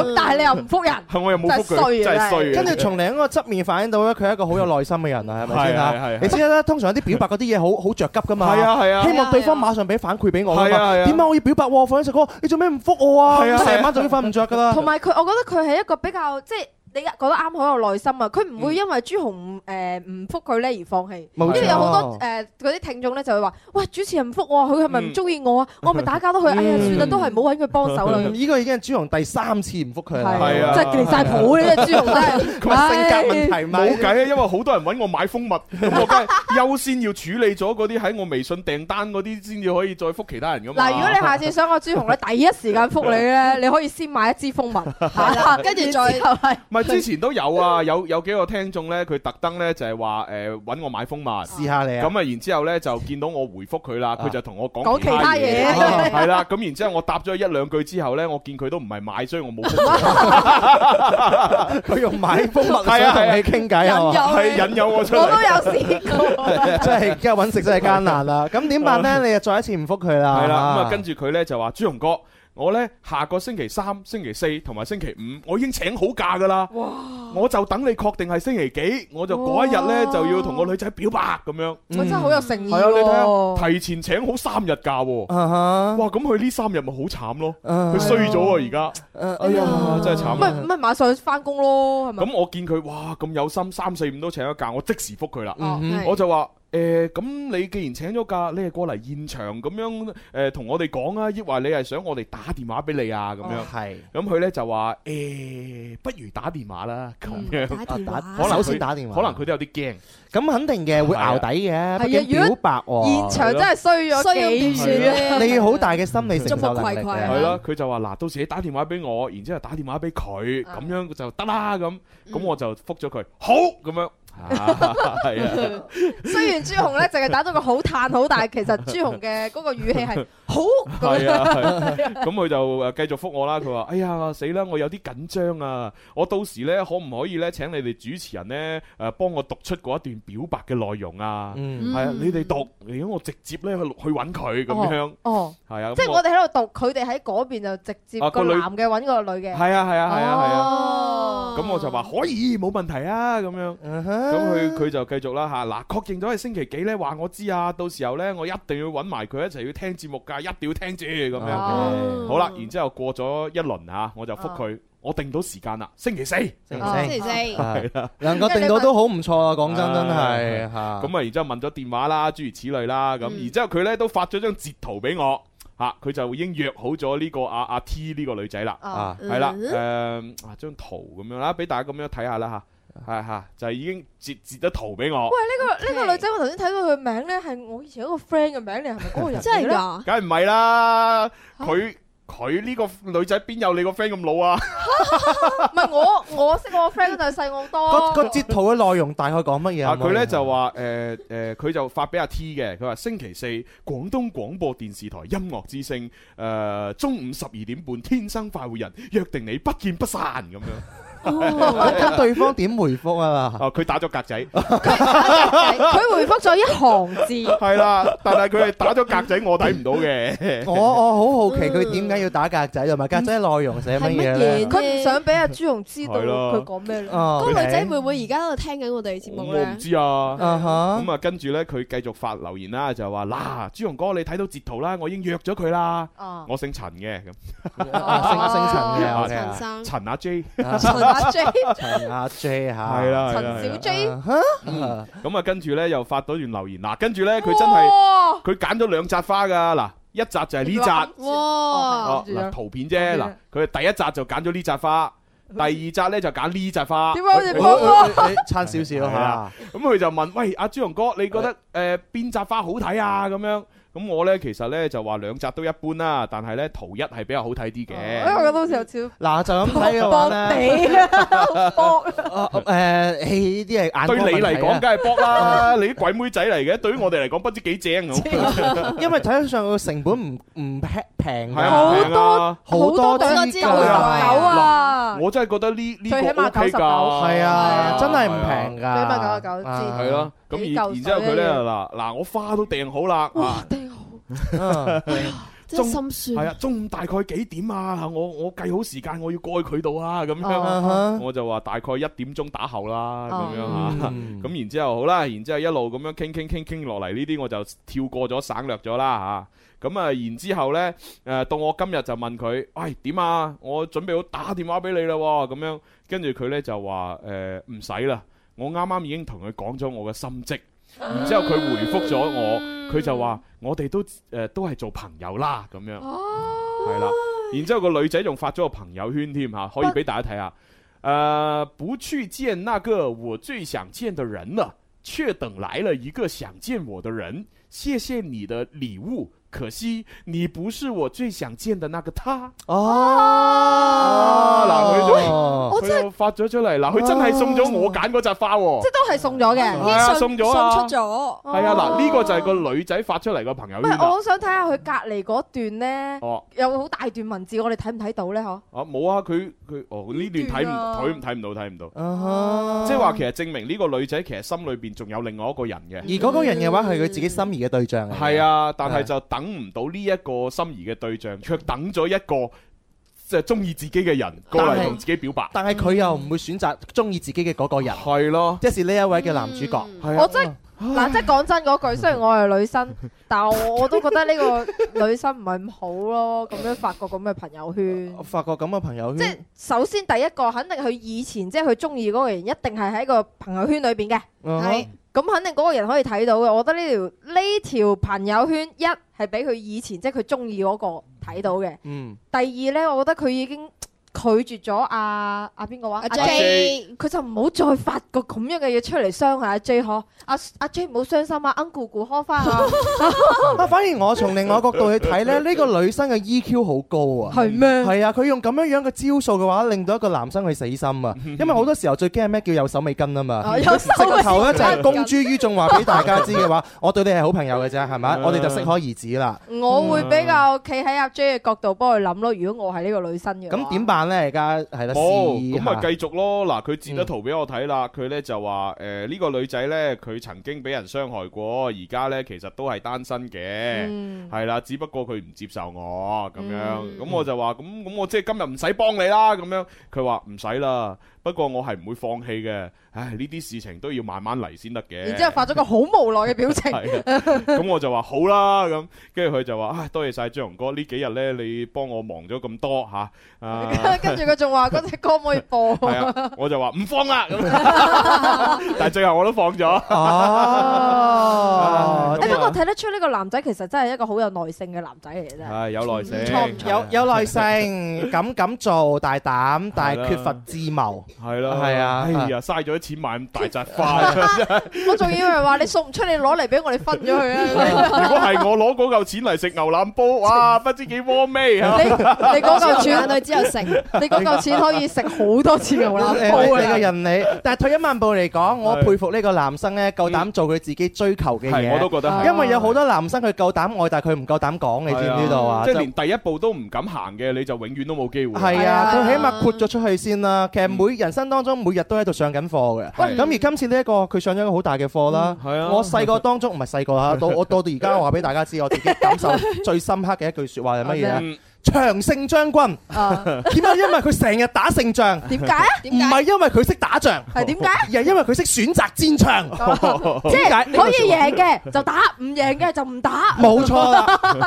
咁但係你又唔覆人，我又冇覆佢，真係衰。跟住從另一個側面反映到咧，佢係一個好有耐心嘅人啊，係咪先啊？你知啦，通常有啲表白嗰啲嘢，好好着急噶嘛。係啊係啊。希望對方馬上俾反饋俾我。係啊。點解我要表白哇！一石哥，你做咩唔覆我啊？成晚就已經瞓唔着噶啦。同埋佢，媽媽我覺得佢係一個比較即係。你覺得啱好有耐心啊！佢唔會因為朱紅誒唔復佢咧而放棄，因為有好多誒嗰啲聽眾咧就會話，喂，主持人唔復我，佢係咪唔中意我啊？我咪打攪到佢。哎呀，算啦，都係冇揾佢幫手啦。依個已經係朱紅第三次唔復佢啦，即係離曬譜嘅朱紅，真係嚇。性格問題冇計啊！因為好多人揾我買蜂蜜，我優先要處理咗嗰啲喺我微信訂單嗰啲先至可以再復其他人噶嘛。嗱，如果你下次想我朱紅咧第一時間復你咧，你可以先買一支蜂蜜，跟住再。之前都有啊，有有幾個聽眾咧，佢特登咧就係話誒揾我買蜂蜜，試下你。啊，咁啊，然之後咧就見到我回復佢啦，佢就同我講其他嘢。係啦，咁然之後我答咗一兩句之後咧，我見佢都唔係買，所以我冇回復佢。佢用買蜂蜜嚟傾偈啊，係引誘我出嚟。我都有試過，真係而家揾食真係艱難啊！咁點辦咧？你又再一次唔復佢啦。係啦，咁啊，跟住佢咧就話朱紅哥。我呢，下個星期三、星期四同埋星期五，我已經請好假噶啦。哇！我就等你確定係星期幾，我就嗰一日呢，就要同個女仔表白咁樣。我真係好有誠意咯。係啊，你睇下，提前請好三日假。啊哇，咁佢呢三日咪好慘咯。佢衰咗啊，而家。哎呀，真係慘啊！咪咪馬上翻工咯，係咪？咁我見佢哇，咁有心，三四五都請咗假，我即時複佢啦。我就話。誒，咁你既然請咗假，你係過嚟現場咁樣誒，同我哋講啊，抑或你係想我哋打電話俾你啊？咁樣，係，咁佢咧就話誒，不如打電話啦，咁樣打電話，可能首先打電話，可能佢都有啲驚，咁肯定嘅會熬底嘅，畢竟表白現場真係衰咗幾轉啊！你要好大嘅心理承受能力，係咯？佢就話嗱，到時你打電話俾我，然之後打電話俾佢，咁樣就得啦。咁，咁我就復咗佢，好咁樣。係啊，雖然朱紅咧淨係打咗個好嘆好，但係其實朱紅嘅嗰個語氣係好咁。咁佢就誒繼續復我啦。佢話：哎呀，死啦！我有啲緊張啊！我到時咧可唔可以咧，請你哋主持人咧誒幫我讀出嗰一段表白嘅內容啊？係啊，你哋讀，如果我直接咧去去搵佢咁樣。哦，係啊，即係我哋喺度讀，佢哋喺嗰邊就直接個男嘅搵個女嘅。係啊，係啊，係啊，係啊。哦，咁我就話可以，冇問題啊，咁樣。咁佢佢就繼續啦吓，嗱，確認咗係星期幾咧？話我知啊，到時候咧我一定要揾埋佢一齊要聽節目噶，一定要聽住咁、okay. 樣嘅。好啦，然之後過咗一輪吓，我就復佢，我定到時間啦，星期四，星期四係啦，能夠、哦、定到都好唔錯啊！講真真係吓，咁啊，然之後問咗電話啦，諸如此類啦，咁、嗯，然之後佢咧都發咗張截圖俾我，吓，佢就已經約好咗呢、這個阿阿 T 呢個女仔啦，啊，係啦，誒、啊嗯嗯，啊張圖咁樣啦，俾大家咁樣睇下啦吓。係哈、啊，就係、是、已經截截咗圖俾我。喂，呢、這個呢 Okay. 個女仔，我頭先睇到佢名咧，係我以前一個 friend 嘅名，你係咪嗰個人？ 真係噶嗎？梗係唔係啦，佢佢呢個女仔邊有你個 friend 咁老啊？唔 係 我我識我個 friend， 但係細我好多。個截 圖嘅內容大概講乜嘢啊？佢咧就話誒誒，佢、呃呃、就發俾阿 T 嘅，佢話星期四廣東廣播電視台音樂之聲誒、呃、中午十二點半，天生快活人約定你不見不散咁樣。 哦，對方點回覆啊？哦，佢打咗格仔，佢回覆咗一行字。係啦，但係佢係打咗格仔，我睇唔到嘅。我我好好奇佢點解要打格仔，同埋格仔內容寫乜嘢咧？佢唔想俾阿朱融知道佢講咩。嗰個女仔會唔會而家喺度聽緊我哋節目咧？我唔知啊。咁啊，跟住咧，佢繼續發留言啦，就係話：嗱，朱融哥，你睇到截圖啦，我已經約咗佢啦。我姓陳嘅，咁姓姓陳嘅，陳生，陳阿 J。阿 J，陳阿 J 吓，係啦，陳小 J，咁啊跟住咧又發咗段留言，嗱，跟住咧佢真係佢揀咗兩扎花噶，嗱，一紮就係呢扎，哇，圖片啫，嗱，佢第一紮就揀咗呢扎花，第二紮咧就揀呢扎花，點解你幫我差少少啊？咁佢就問：喂，阿朱雄哥，你覺得誒邊紮花好睇啊？咁樣。咁我咧，其實咧就話兩集都一般啦，但係咧圖一係比較好睇啲嘅。我覺得好似有超嗱就咁睇啦。博博地博誒，呢啲係眼。對你嚟講，梗係博啦！你啲鬼妹仔嚟嘅，對於我哋嚟講，不知幾正咁。因為睇上個成本唔唔平平好多好多隻九十九啊！我真係覺得呢呢最起碼九十九係啊，真係唔平㗎。九十九隻係咯，咁然然之後佢咧嗱嗱，我花都訂好啦。 中 真心酸。係啊，中午大概幾點啊？我我計好時間，我要過去佢度啊，咁樣。Uh huh. 我就話大概一點鐘打後啦，咁、uh huh. 樣啊。咁然之後好啦，然之後，後一路咁樣傾傾傾傾落嚟，呢啲我就跳過咗，省略咗啦吓。咁啊，然之後呢，誒，到我今日就問佢，喂，點啊？我準備好打電話俾你啦，咁樣。跟住佢呢就話，誒、呃，唔使啦，我啱啱已經同佢講咗我嘅心跡。然之後佢回覆咗我，佢就話我哋都誒、呃、都係做朋友啦咁樣。係啦、哦嗯。然之後個女仔仲發咗個朋友圈添吓，啊，可以俾大家睇下。誒、啊呃，不去見那個我最想見的人了，卻等來了一個想見我的人。謝謝你的禮物。可惜你不是我最想見的那個他。哦，嗱，佢我真係，我發咗出嚟，嗱，佢真係送咗我揀嗰扎花，即係都係送咗嘅，送咗，送出咗。係啊，嗱，呢個就係個女仔發出嚟個朋友圈。唔，我好想睇下佢隔籬嗰段呢，有好大段文字，我哋睇唔睇到呢？嗬。冇啊，佢佢哦呢段睇唔睇唔睇唔到睇唔到，即係話其實證明呢個女仔其實心裏邊仲有另外一個人嘅。而嗰個人嘅話係佢自己心儀嘅對象。係啊，但係就等。等唔到呢一個心儀嘅對象，卻等咗一個即係中意自己嘅人過嚟同自己表白。但係佢又唔會選擇中意自己嘅嗰個人，係咯、嗯，即是呢一位嘅男主角。我即嗱，真講真嗰句，雖然我係女生， 但我，我都覺得呢個女生唔係咁好咯。咁樣發個咁嘅朋友圈，我發個咁嘅朋友圈。即係首先第一個，肯定佢以前即係佢中意嗰個人，一定係喺個朋友圈裏邊嘅。係、嗯哼。咁肯定嗰個人可以睇到嘅，我覺得呢條呢條朋友圈一係俾佢以前即係佢鍾意嗰個睇到嘅。嗯、第二咧，我覺得佢已經。拒絕咗阿阿邊個話阿 J，佢就唔好再發個咁樣嘅嘢出嚟傷下阿 J 可，阿阿 J 唔好傷心啊，奀鼓鼓開翻啊。啊，反而我從另外一角度去睇咧，呢個女生嘅 EQ 好高啊。係咩？係啊，佢用咁樣樣嘅招數嘅話，令到一個男生去死心啊。因為好多時候最驚係咩叫有手尾根啊嘛。有手尾根。直頭咧就係公諸於眾，話俾大家知嘅話，我對你係好朋友嘅啫，係咪？我哋就適可而止啦。我會比較企喺阿 J 嘅角度幫佢諗咯。如果我係呢個女生嘅，咁點辦？咧而家係啦，冇咁啊，繼好續咯。嗱，佢截咗圖俾我睇啦，佢咧、嗯、就話誒呢個女仔咧，佢曾經俾人傷害過，而家咧其實都係單身嘅，係啦、嗯，只不過佢唔接受我咁樣。咁、嗯、我就話咁咁，我即係今日唔使幫你啦。咁樣，佢話唔使啦。不過我係唔會放棄嘅，唉呢啲事情都要慢慢嚟先得嘅。然之後發咗個好無奈嘅表情，咁我就話好啦，咁，跟住佢就話啊多謝晒張龍哥呢幾日咧，你幫我忙咗咁多吓，跟住佢仲話嗰隻歌唔可以播，我就話唔放啦，但係最後我都放咗。不過睇得出呢個男仔其實真係一個好有耐性嘅男仔嚟嘅，係有耐性，有有耐性，敢敢做，大膽，但係缺乏智謀。係咯，係啊，哎呀，嘥咗啲錢買咁大扎花，我仲以為話你送唔出，你攞嚟俾我哋分咗佢啊！如果係我攞嗰嚿錢嚟食牛腩煲，哇，不知幾窩味啊。你你嗰嚿錢可以食，你嗰嚿錢可以食好多次牛腩煲。你個人，你但係退一萬步嚟講，我佩服呢個男生咧，夠膽做佢自己追求嘅嘢。我都覺得係，因為有好多男生佢夠膽愛，但係佢唔夠膽講，你知唔知道啊？即係連第一步都唔敢行嘅，你就永遠都冇機會。係啊，佢起碼豁咗出去先啦。其實每人生當中每日都喺度上緊課嘅，咁是而今次呢、這個、一個佢上咗一個好大嘅課啦。我細個當中唔係細個嚇，到我到到而家話俾大家知，我自己感受最深刻嘅一句説話係乜嘢？長勝將軍啊？點解？因為佢成日打勝仗。點解啊？唔係因為佢識打仗，係點解？而係因為佢識選擇戰場。即係可以贏嘅就打，唔贏嘅就唔打。冇錯，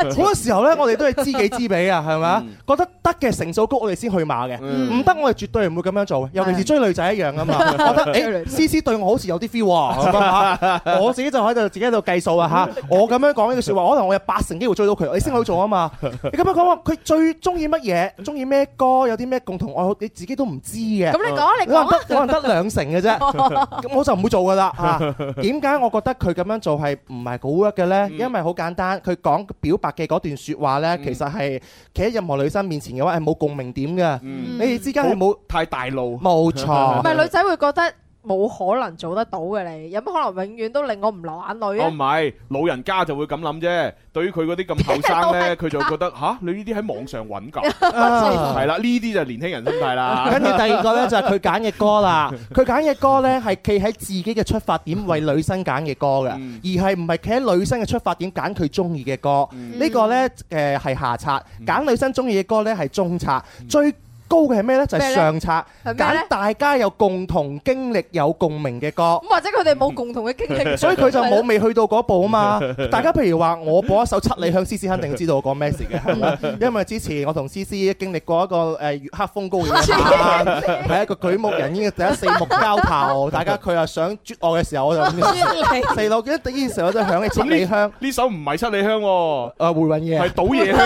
好多時候咧，我哋都係知己知彼啊，係咪啊？覺得得嘅成數高，我哋先去馬嘅，唔得我哋絕對唔會咁樣做。尤其是追女仔一樣啊嘛。覺得誒，C C 對我好似有啲 feel，我我自己就喺度自己喺度計數啊吓。我咁樣講呢個説話，可能我有八成機會追到佢。你先去做啊嘛。你咁樣講，佢。最中意乜嘢？中意咩歌？有啲咩共同愛好？你自己都唔知嘅。咁、啊、你講、啊，你講、啊。可能得兩成嘅啫， 我就唔會做噶啦。嚇、啊，點解 我覺得佢咁樣做係唔係好 work 嘅咧？嗯、因為好簡單，佢講表白嘅嗰段説話咧，嗯、其實係企喺任何女生面前嘅話係冇共鳴點嘅。嗯、你哋之間係冇太大路。冇錯。唔係 女仔會覺得。冇可能做得到嘅你，有乜可能永遠都令我唔流眼淚啊？我唔係老人家就會咁諗啫。對於佢嗰啲咁後生呢，佢就覺得吓你呢啲喺網上揾㗎，係啦，呢啲就年輕人心態啦。跟住第二個呢就係佢揀嘅歌啦，佢揀嘅歌呢係企喺自己嘅出發點為女生揀嘅歌嘅，而係唔係企喺女生嘅出發點揀佢中意嘅歌？呢個呢誒係下策，揀女生中意嘅歌呢係中策，最高嘅係咩咧？就係上策，揀大家有共同經歷、有共鳴嘅歌。或者佢哋冇共同嘅經歷。所以佢就冇未去到嗰步啊嘛！大家譬如話，我播一首《七里香》，C C 肯定知道我講咩事嘅，因為之前我同 C C 經歷過一個誒月黑風高嘅夜晚，係一個舉目人煙嘅第一四目交投，大家佢又想啜我嘅時候，我就四六幾第一時我就響起《七里香》。呢首唔係七里香，誒回魂夜係倒夜香，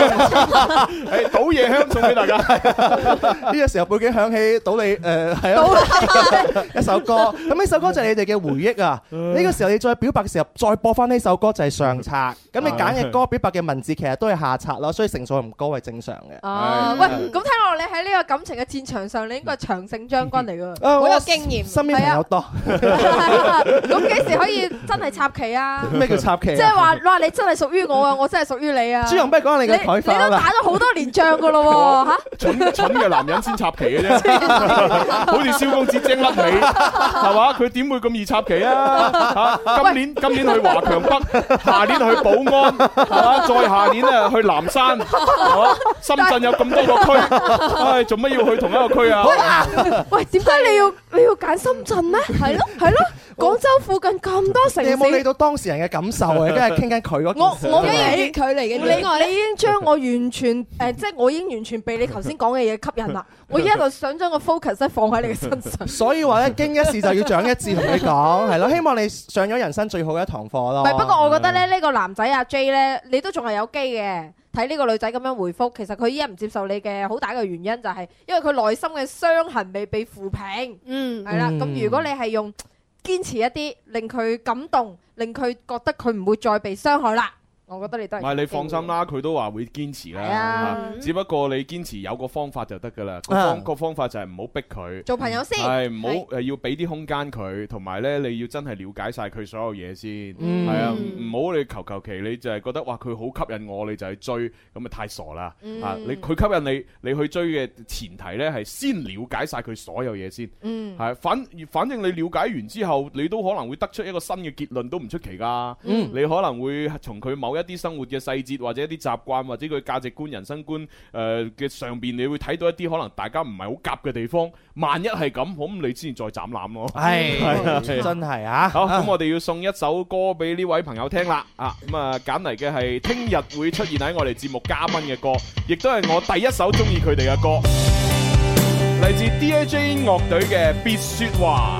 係倒夜香送俾大家。呢個時候背景響起到你誒，係一首歌。咁呢首歌就係你哋嘅回憶啊。呢個時候你再表白嘅時候，再播翻呢首歌就係上策。咁你揀嘅歌表白嘅文字其實都係下策咯，所以成數唔高係正常嘅。哦，喂，咁聽落你喺呢個感情嘅戰場上，你應該係長勝將軍嚟噶，好有經驗，身邊朋友多。咁幾時可以真係插旗啊？咩叫插旗？即係話，哇！你真係屬於我啊，我真係屬於你啊！朱蓉，不如講下你嘅你都打咗好多年仗噶咯？吓蠢嘅蠢嘅啦！男人先插旗嘅啫，好似蕭公子精甩尾，係嘛？ 佢點會咁易插旗啊？嚇、啊！今年喂今年去華強北，下年去寶安，係嘛？再下年啊去南山，係、啊、嘛？深圳有咁多個區，唉、哎，做乜要去同一個區啊？喂，點解你要你要揀深圳咧？係、嗯、咯，係咯，廣州附近咁多城市，哦、你冇理到當事人嘅感受啊？而家係傾緊佢嗰件事，佢離嘅，你外，你已經將我完全誒、呃，即係我已經完全被你頭先講嘅嘢吸引。我一路想將個 focus 放喺你嘅身上。 所以話咧，經一事就要長一智，同你講，係咯，希望你上咗人生最好嘅一堂課咯。但不，不過我覺得咧，呢個男仔阿 J 咧，你都仲係有機嘅，睇呢個女仔咁樣回覆，其實佢依家唔接受你嘅好大嘅原因就係因為佢內心嘅傷痕未被撫平。嗯，係啦。咁如果你係用堅持一啲，令佢感動，令佢覺得佢唔會再被傷害啦。我覺得你得，唔係你放心啦，佢都話會堅持啦。只不過你堅持有個方法就得噶啦。個、啊、方，方法就係唔好逼佢做朋友先，係唔好要俾啲是空間佢。同埋呢，你要真係了解晒佢所有嘢先，係、嗯、啊，唔好你求求其，你就係覺得哇佢好吸引我，你就去追，咁啊太傻啦。嗯、啊，你佢吸引你，你去追嘅前提呢，係先了解晒佢所有嘢先，係、嗯、反反正你了解完之後，你都可能會得出一個新嘅結論，都唔出奇噶。嗯、你可能會從佢某一。一啲生活嘅細節，或者一啲習慣，或者佢價值觀、人生觀誒嘅、呃、上邊，你會睇到一啲可能大家唔係好夾嘅地方。萬一係咁，好你之前再斬纜咯。係真係啊！好，咁、uh, 我哋要送一首歌俾呢位朋友聽啦。啊，咁啊揀嚟嘅係聽日會出現喺我哋節目嘉賓嘅歌，亦都係我第一首中意佢哋嘅歌，嚟自 Dear Jane 樂隊嘅《別說話》。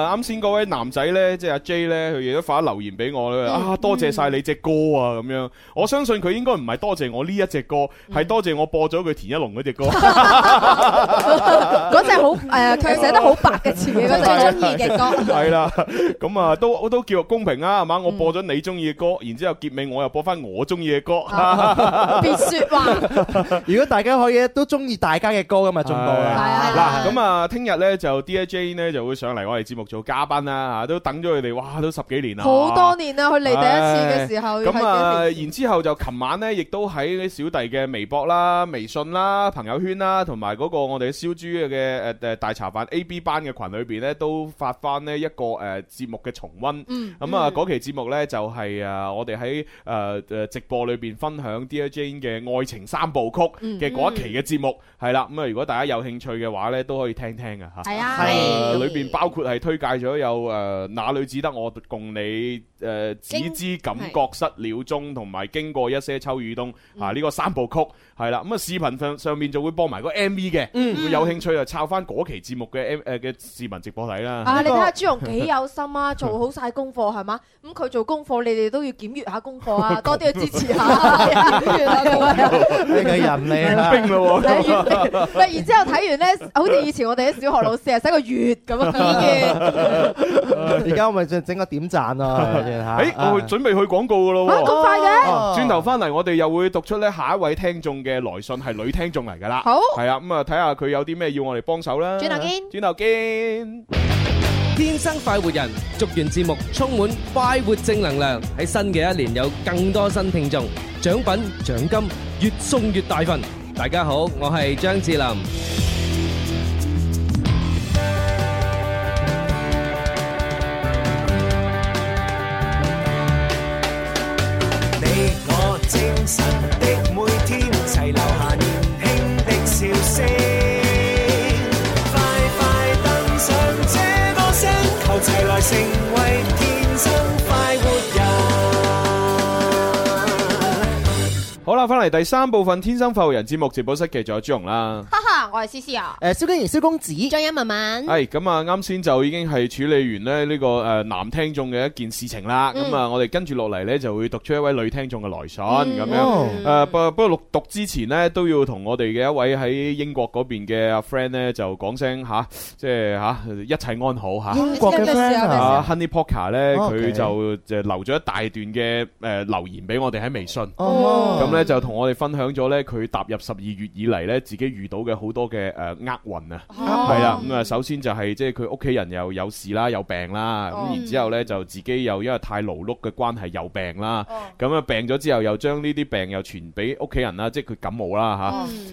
邊嗰位男仔咧，即係阿 J 咧，佢亦都發咗留言俾我啦。啊，多謝晒你隻歌啊，咁樣。我相信佢應該唔係多謝我呢一隻歌，係多謝我播咗佢田一龍嗰隻歌。嗰隻好誒，佢寫得好白嘅詞嘅，佢最中意嘅歌。係啦，咁啊，都都叫做公平啊，係嘛？我播咗你中意嘅歌，然之後結尾我又播翻我中意嘅歌。別說話。如果大家可以都中意大家嘅歌，咁啊進步啦。嗱，咁啊，聽日咧就 DJ a 呢，就會上嚟我哋節目做嘉。嘉賓啊，都等咗佢哋，哇，都十幾年啦，好多年啦，佢嚟第一次嘅時候，咁啊，然之後就琴晚咧，亦都喺小弟嘅微博啦、微信啦、朋友圈啦，同埋嗰個我哋燒豬嘅誒誒大茶飯 A B 班嘅群裏邊咧，都發翻呢一個誒節目嘅重溫。咁啊，嗰期節目咧就係啊，我哋喺誒誒直播裏邊分享 Dear Jane 嘅愛情三部曲嘅嗰一期嘅節目，係啦，咁啊，如果大家有興趣嘅話咧，都可以聽聽噶吓，係啊，裏邊包括係推介。如果有誒、呃、哪裏只得我共你？誒，只知感覺失了蹤，同埋經過一些秋雨冬，嚇呢個三部曲係啦。咁啊視頻上上邊就會播埋個 M V 嘅，會有興趣就抄返嗰期節目嘅 M 誒嘅視頻直播睇啦。啊，你睇下朱蓉幾有心啊，做好晒功課係嘛？咁佢做功課，你哋都要檢閲下功課啊，多啲去支持下。睇完啦，你嘅人嚟嘅兵咯喎。誒，然之後睇完咧，好似以前我哋啲小學老師啊，寫個月咁啊檢閲。而家我咪再整個點贊啊！誒，我準備去廣告噶咯喎，咁快嘅？轉頭翻嚟，我哋又會讀出咧下一位聽眾嘅來信，係女聽眾嚟噶啦。好，係啊，咁啊睇下佢有啲咩要我哋幫手啦。轉頭見，轉頭見，天生快活人，做完節目充滿快活正能量，喺新嘅一年有更多新聽眾，獎品獎金越送越大份。大家好，我係張智霖。翻嚟、啊、第三部分《天生浮人》節目直播室嘅仲有朱蓉啦，哈哈，我係思思啊，誒、哎，蕭敬堯、蕭公子、張欣文文，係咁啊，啱先就已經係處理完咧、這、呢個誒、呃、男聽眾嘅一件事情啦。咁啊、嗯嗯，我哋跟住落嚟咧就會讀出一位女聽眾嘅來信咁、嗯、樣。誒、哦啊，不過讀讀之前呢，都要同我哋嘅一位喺英國嗰邊嘅阿 friend 咧就講聲吓，即係吓、啊、一切安好吓。啊、英國嘅 friend Honey Poker 咧佢就就留咗一大段嘅誒留言俾我哋喺微信，咁咧、哦。哦就同我哋分享咗咧，佢踏入十二月以嚟咧，自己遇到嘅好多嘅誒厄運啊，係啦，咁、嗯、啊首先就係、是、即係佢屋企人又有事啦，有病啦，咁、啊、然之後咧就自己又因為太勞碌嘅關係有病啦，咁啊、嗯、病咗之後又將呢啲病又傳俾屋企人啦，即係佢感冒啦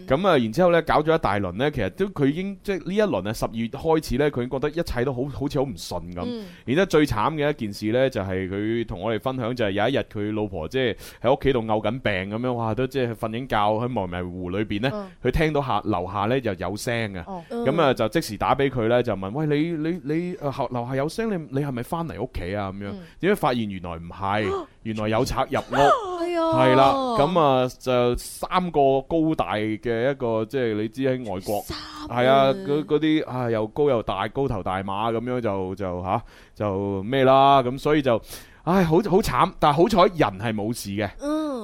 吓，咁、嗯、啊然之後咧搞咗一大輪咧，其實都佢已經即係呢一輪啊十二月開始咧，佢已經覺得一切都好好似好唔順咁。嗯、然之後最慘嘅一件事咧就係佢同我哋分享就係有一日佢老婆即係喺屋企度嘔緊病咁樣。都即係瞓緊覺，喺迷迷糊裏邊咧，佢、嗯、聽到下樓下咧就有聲嘅，咁、嗯、啊就即時打俾佢咧，就問喂，你你你下樓、啊、下有聲，你你係咪翻嚟屋企啊？咁樣，點解、嗯、發現原來唔係，原來有賊入屋，係啦、啊，咁、嗯、啊就三個高大嘅一個，即係你知喺外國，係啊，嗰啲啊、啊又高又大，高頭大馬咁樣就就嚇就咩啦？咁、啊啊、所、所以就。唉，好好慘，但係好彩人係冇事嘅，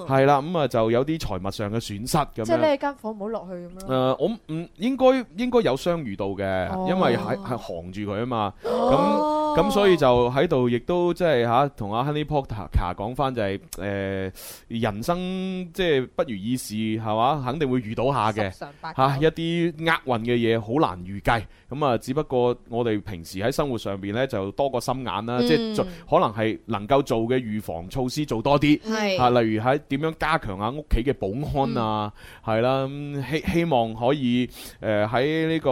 係啦、嗯，咁啊、嗯、就有啲財物上嘅損失咁。即係你間房唔好落去咁咯。誒樣、呃，我唔、嗯、應該應該有相遇到嘅，哦、因為係係扛住佢啊嘛，咁、哦。樣咁、哦嗯、所以就喺度、啊，亦都即係嚇同阿 Honey Pot 卡講返、就是，就係誒人生即係不如意事係嘛，肯定會遇到下嘅，嚇、啊、一啲厄運嘅嘢好難預計。咁、嗯、啊，只不過我哋平時喺生活上邊咧，就多個心眼啦，嗯、即係做可能係能夠做嘅預防措施做多啲，係嚇是、啊。例如喺點樣加強下屋企嘅保安啊，係、嗯、啦，希、嗯、希望可以誒喺呢個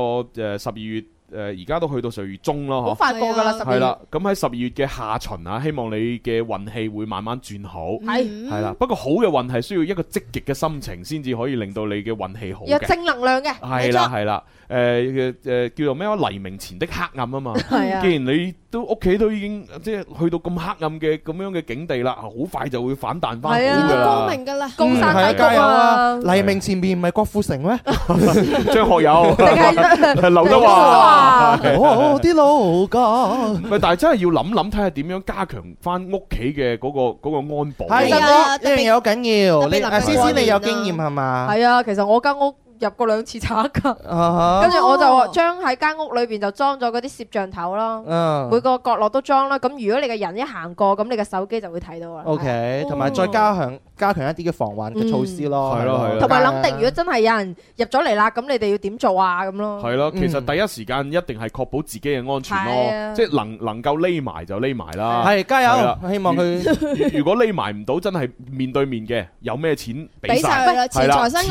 誒十二月。誒，而家、呃、都去到十二月中咯，好快過噶啦，係啦、啊。咁喺十二月嘅、啊、下旬啊，希望你嘅運氣會慢慢轉好。係係啦，不過好嘅運係需要一個積極嘅心情，先至可以令到你嘅運氣好嘅。有正能量嘅，係啦係啦。誒誒、啊啊呃呃呃呃，叫做咩？黎明前的黑暗啊嘛。啊既然你。都屋企都已經即係去到咁黑暗嘅咁樣嘅境地啦，好快就會反彈翻㗎啦。光明㗎啦，光輝在前啊！黎明前面唔係郭富城咩？張學友定係劉德華？劉德華哦，啲老舊。咪但係真係要諗諗睇下點樣加強翻屋企嘅嗰個嗰個安保。係啊，一樣有好緊要。誒，思思你有經驗係嘛？係啊，其實我間屋。入過兩次查㗎、uh，跟、huh，住我就將喺間屋裏邊就裝咗嗰啲攝像頭咯，uh huh. 每個角落都裝啦。咁如果你嘅人一行過，咁你嘅手機就會睇到啦。OK，同埋再加強，加強一啲嘅防患嘅措施咯，係咯係。同埋諗定，如果真係有人入咗嚟啦，咁你哋要點做啊？咁咯。係咯，其實第一時間一定係確保自己嘅安全咯，即係能能夠匿埋就匿埋啦。係，加油！希望佢如果匿埋唔到，真係面對面嘅，有咩錢俾晒錢財身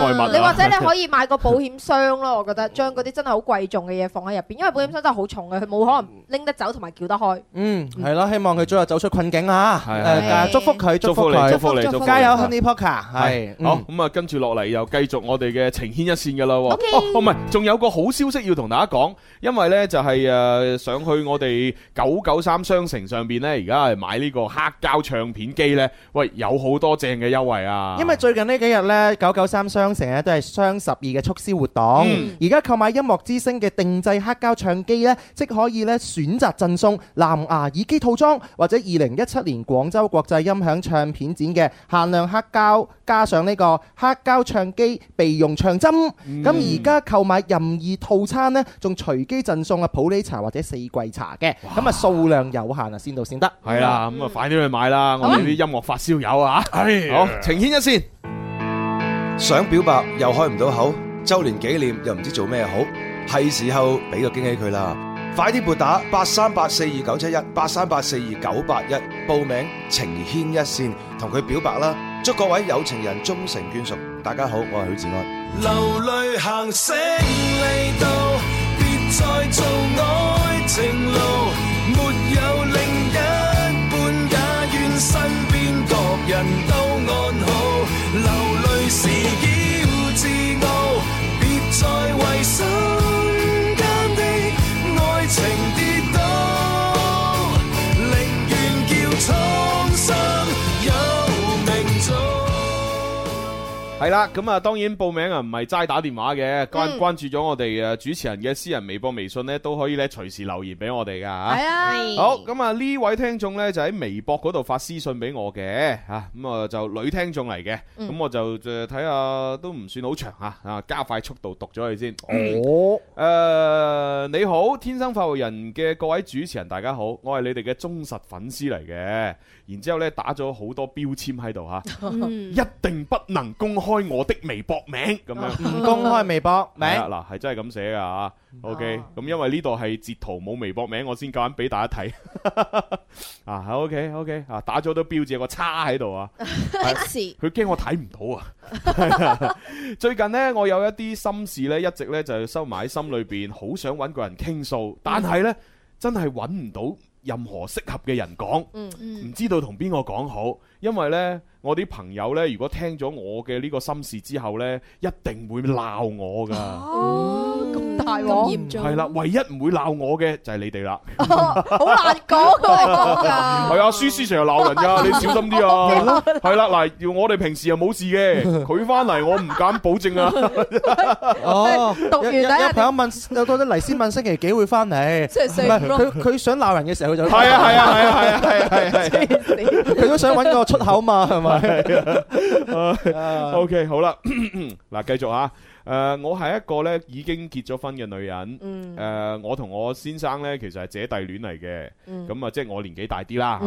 外物啦。你或者你可以買個保險箱咯，我覺得將嗰啲真係好貴重嘅嘢放喺入邊，因為保險箱真係好重嘅，佢冇可能拎得走同埋撬得開。嗯，係咯，希望佢早日走出困境啊！誒，祝福佢，祝福佢，祝福你。繼續加油，Honey Poker 係好咁啊！跟住落嚟又繼續我哋嘅情牽一綫嘅啦喎。O K，唔係仲有個好消息要同大家講，因為咧就係誒想去我哋九九三商城上邊咧，而家係買呢個黑膠唱片機咧，喂有好多正嘅優惠啊！因為最近呢幾日咧，九九三商城咧都係雙十二嘅促銷活動，而家購買音樂之星嘅定製黑膠唱機咧，即可以咧選擇贈送藍牙耳機套裝或者二零一七年廣州國際音響唱片展嘅。限量黑膠，加上呢個黑膠唱機備用唱針，咁而家購買任意套餐呢，仲隨機贈送啊普洱茶或者四季茶嘅，咁啊數量有限啊，先到先得。係啦、啊，咁啊、嗯、快啲去買啦，嗯、我哋啲音樂發燒友啊，嗯、好，情牽一線，想表白又開唔到口，周年紀念又唔知做咩好，係時候俾個驚喜佢啦。快啲撥打八三八四二九七一八三八四二九八一報名情牽一線，同佢表白啦！祝各位有情人終成眷屬。大家好，我係許志安。係啦，咁啊， 當然報名啊，唔係齋打電話嘅，關關注咗我哋誒主持人嘅私人微博微信呢，都可以咧隨時留言俾我哋噶吓。係啊， 好咁啊，呢位聽眾呢，就喺微博嗰度發私信俾我嘅吓，咁啊、嗯、就女聽眾嚟嘅，咁 我就誒睇、呃、下都唔算好長吓，啊加快速度讀咗佢先。我誒、哦 uh, 你好，天生發育人嘅各位主持人，大家好，我係你哋嘅忠實粉絲嚟嘅。然之後咧打咗好多標籤喺度吓，啊嗯、一定不能公開我的微博名咁樣，唔、啊、公開微博名嗱係、啊、真係咁寫噶吓、啊啊，OK，咁、嗯、因為呢度係截圖冇微博名，我先夠膽俾大家睇 啊，OK OK 啊，打咗好多標誌有個叉喺度啊，佢驚我睇唔到啊。最近呢，我有一啲心事咧，一直咧就收埋喺心裏邊，好想揾個人傾訴，但係呢，嗯、呢，真係揾唔到。任何適合嘅人講，唔知道同邊個講好。因為咧，我啲朋友咧，如果聽咗我嘅呢個心事之後咧，一定會鬧我噶。哦，咁大鑊，咁嚴重。係啦，唯一唔會鬧我嘅就係你哋啦。好難講噶，係啊，舒舒常又鬧人噶，你小心啲啊。係啦，嗱，要我哋平時又冇事嘅，佢翻嚟我唔敢保證啊。哦，讀完第一。有朋友問，有嗰啲黎斯敏星期幾會翻嚟？唔係，佢佢想鬧人嘅時候，佢就係啊，係啊，係啊，係啊，係啊，係啊，佢都想揾個。出口嘛係咪？OK，好啦，嗱，繼 續吓，誒、呃，我係一個咧已經結咗婚嘅女人，誒、嗯呃，我同我先生咧其實係姐弟戀嚟嘅，咁啊，即係我年紀大啲啦吓，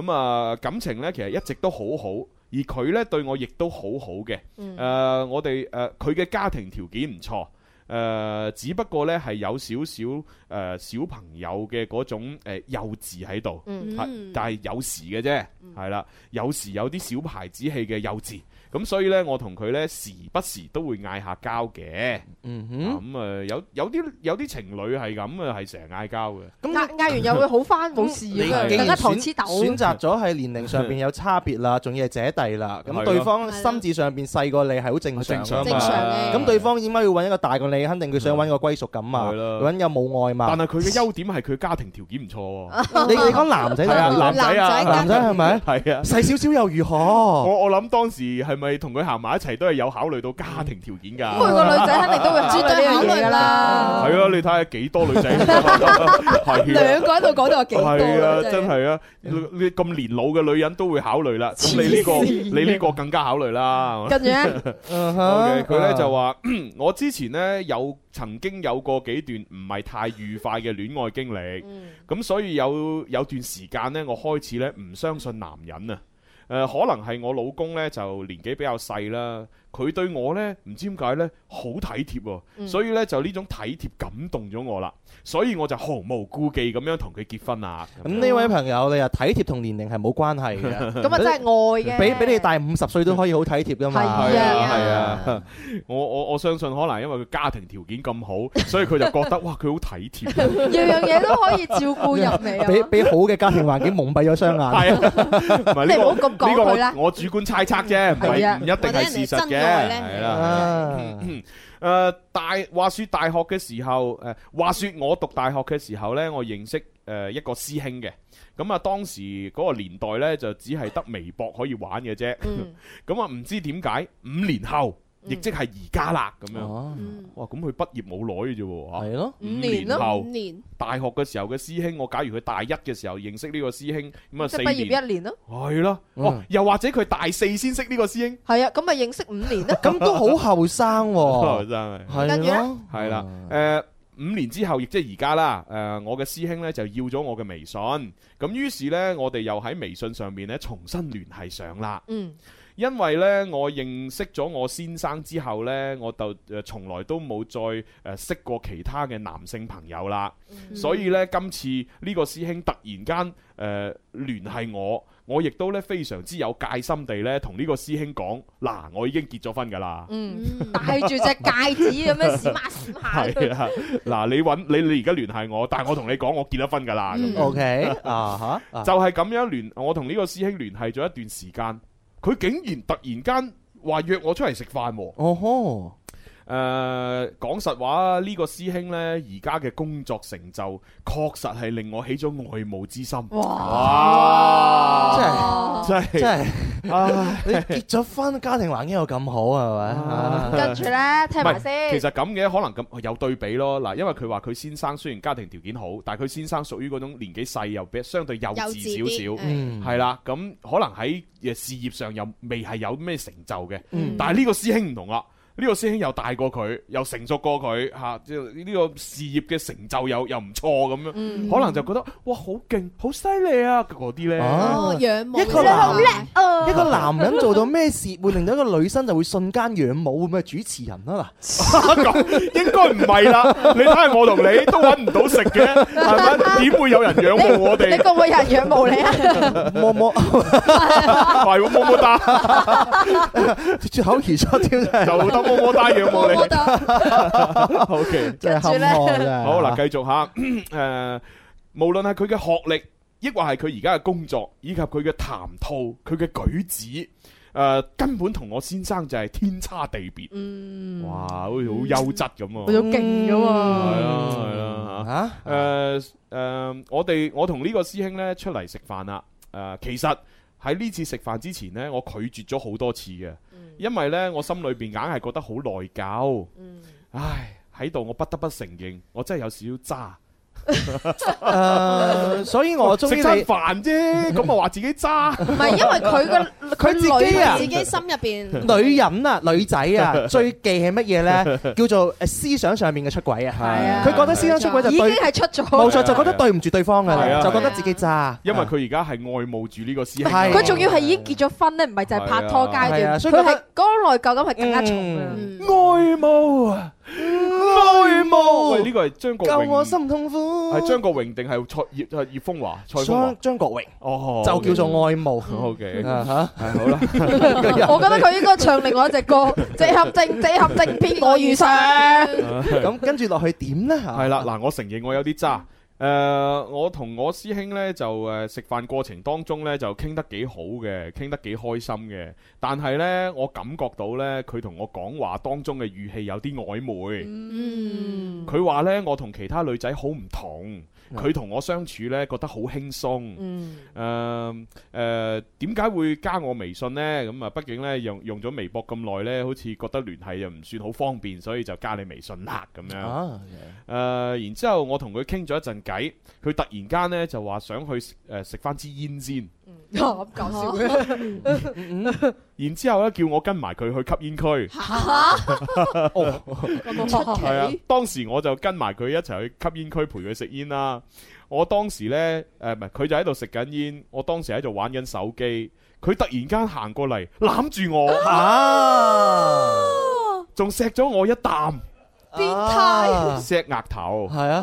咁啊感情咧其實一直都好好，而佢咧對我亦都好好嘅，誒、嗯呃，我哋誒，佢、呃、嘅家庭條件唔錯。誒、呃，只不過呢係有少少誒小朋友嘅嗰種、呃、幼稚喺度，係、嗯，但係有時嘅啫，係啦、嗯，有時有啲小孩子氣嘅幼稚。咁所以咧，我同佢咧時不時都會嗌下交嘅。咁啊，有有啲有啲情侶係咁啊，係成日嗌交嘅。咁嗌嗌完又會好返，冇事嘅。大家糖似豆。選擇咗喺年齡上邊有差別啦，仲要係姐弟啦。咁對方心智上邊細過你係好正常。正常嘅。咁對方點解要揾一個大過你？肯定佢想揾個歸屬感嘛。係啦。揾有母愛嘛。但係佢嘅優點係佢家庭條件唔錯喎。你你講男仔㗎？男仔，男仔係咪？係啊。細少少又如何？我我諗當時係。咪同佢行埋一齊都係有考慮到家庭條件㗎。每個女仔肯定都會絕對呢樣嘢㗎啦。係啊，你睇下幾多女仔？兩個喺度講到話幾多？係啊，真係啊！呢咁年老嘅女人都會考慮啦。你呢個你呢個更加考慮啦。咁樣。佢呢就話：我之前呢有曾經有過幾段唔係太愉快嘅戀愛經歷。咁所以有有段時間呢，我開始呢唔相信男人啊。呃，可能係我老公呢，就年紀比較細啦。佢對我呢，唔知點解呢，好體貼喎，所以呢，就呢種體貼感動咗我啦，所以我就毫無顧忌咁樣同佢結婚啦。咁呢位朋友你啊體貼同年齡係冇關係嘅，咁啊真係愛嘅。比比你大五十歲都可以好體貼噶嘛，係啊，係啊。我我我相信可能因為佢家庭條件咁好，所以佢就覺得哇佢好體貼，樣樣嘢都可以照顧入嚟，俾俾好嘅家庭環境矇蔽咗雙眼。係啊，唔係你唔好咁講佢啦。我主觀猜測啫，唔係唔一定係事實嘅。係啦，誒，大話說大學嘅時候，誒、uh，話說我讀大學嘅時候呢，我認識誒、uh, 一個師兄嘅，咁啊，當時嗰個年代呢，就只係得微博可以玩嘅啫，咁 啊、嗯，唔知點解五年後。亦即係而家啦，咁樣，哇！咁佢畢業冇耐嘅啫，係咯，五年後，大學嘅時候嘅師兄，我假如佢大一嘅時候認識呢個師兄，咁啊，四畢業一年咯，係咯，哦，又或者佢大四先識呢個師兄，係啊，咁咪認識五年咯，咁都好後生喎，係得嘅，係啦，誒，五年之後，亦即係而家啦，誒，我嘅師兄呢就要咗我嘅微信，咁於是呢，我哋又喺微信上面呢重新聯繫上啦，嗯。因為咧，我認識咗我先生之後呢，我就誒，從來都冇再誒識過其他嘅男性朋友啦。所以呢，今次呢個師兄突然間誒聯繫我，我亦都咧非常之有戒心地呢同呢個師兄講：嗱，我已經結咗婚噶啦，戴住隻戒指咁樣。係啊，嗱，你揾你你而家聯繫我，但係我同你講，我結咗婚噶啦。OK 啊吓，就係咁樣聯，我同呢個師兄聯繫咗一段時間。佢竟然突然間話約我出嚟食飯喎！哦吼～誒，講實話，呢個師兄呢，而家嘅工作成就，確實係令我起咗愛慕之心。哇！真係真係真係，你結咗婚，家庭環境又咁好，係咪？跟住呢，聽埋先。其實咁嘅，可能咁有對比咯。嗱，因為佢話佢先生雖然家庭條件好，但係佢先生屬於嗰種年紀細又比相對幼稚少少，係啦。咁可能喺事業上又未係有咩成就嘅。但係呢個師兄唔同啦。呢個師兄又大過佢，又成熟過佢，吓，即呢個事業嘅成就又又唔錯咁樣，可能就覺得哇好勁，好犀利啊！嗰啲咧，一個男一個男人做到咩事，會令到一個女生就會瞬間仰慕，會唔係主持人啊？嗱，應該唔係啦，你睇下我同你都搵唔到食嘅，係咪？點會有人仰慕我哋？你公會有人仰慕你啊？摸摸，快碗摸摸噠，口而出我我帶羊毛嚟，O K，最後好惡好嗱，繼續吓，誒、呃，無論係佢嘅學歷，抑或係佢而家嘅工作，以及佢嘅談吐、佢嘅舉止，誒、呃，根本同我先生就係天差地別。嗯，哇，好似好優質咁啊，好勁噶喎！係啊，係啦吓，誒誒、啊啊呃呃，我哋我同呢個師兄咧出嚟食飯啦。誒、呃，其實喺呢次食飯之前咧，我拒絕咗好多次嘅。因為咧，我心裏邊硬係覺得好內疚，嗯、唉，喺度我不得不承認，我真係有少少渣。.誒，所以我中意做餐飯啫，咁我話自己渣，唔係因為佢個佢自己啊，自己心入邊女人啊，女仔啊，最忌係乜嘢咧？叫做誒思想上面嘅出軌啊，係啊，佢覺得思想出軌就已經係出咗，冇錯就覺得對唔住對方啊，就覺得自己渣，因為佢而家係愛慕住呢個思想，係佢仲要係已經結咗婚咧，唔係就係拍拖階段，所以佢係嗰個內疚感係更加重嘅，愛慕。愛慕，呢個、係張國榮救我心痛苦，係張國榮定係蔡葉葉楓華？蔡楓華，張國榮哦，oh, okay. 就叫做愛慕。O K，吓，好啦。哈哈 我覺得佢應該唱另外一隻歌， 《借合症。借合症偏我遇上。咁、uh, 跟住落去點咧？係啦， 嗱，我承認我有啲渣。誒，uh, 我同我師兄咧就誒食飯過程當中咧就傾得幾好嘅，傾得幾開心嘅。但係咧，我感覺到咧佢同我講話當中嘅語氣有啲曖昧。嗯，佢話咧我同其他女仔好唔同。佢同我相處呢覺得好輕鬆。嗯，誒誒、呃，點、呃、解會加我微信呢？咁啊，畢竟呢用用咗微博咁耐呢，好似覺得聯繫又唔算好方便，所以就加你微信啦咁樣。啊，okay. 呃、然之後我同佢傾咗一陣偈，佢突然間呢就話想去誒食翻、呃、支煙先。啊、然之後咧，叫我跟埋佢去吸煙區 奇。吓哦、 啊，當時我就跟埋佢一齊去吸煙區陪佢食煙啦、啊。我當時呢，誒、呃，唔係，佢就喺度食緊煙，我當時喺度玩緊手機。佢突然間行過嚟攬住我，吓、啊，仲錫咗我一啖。變態，錫額頭，係啊，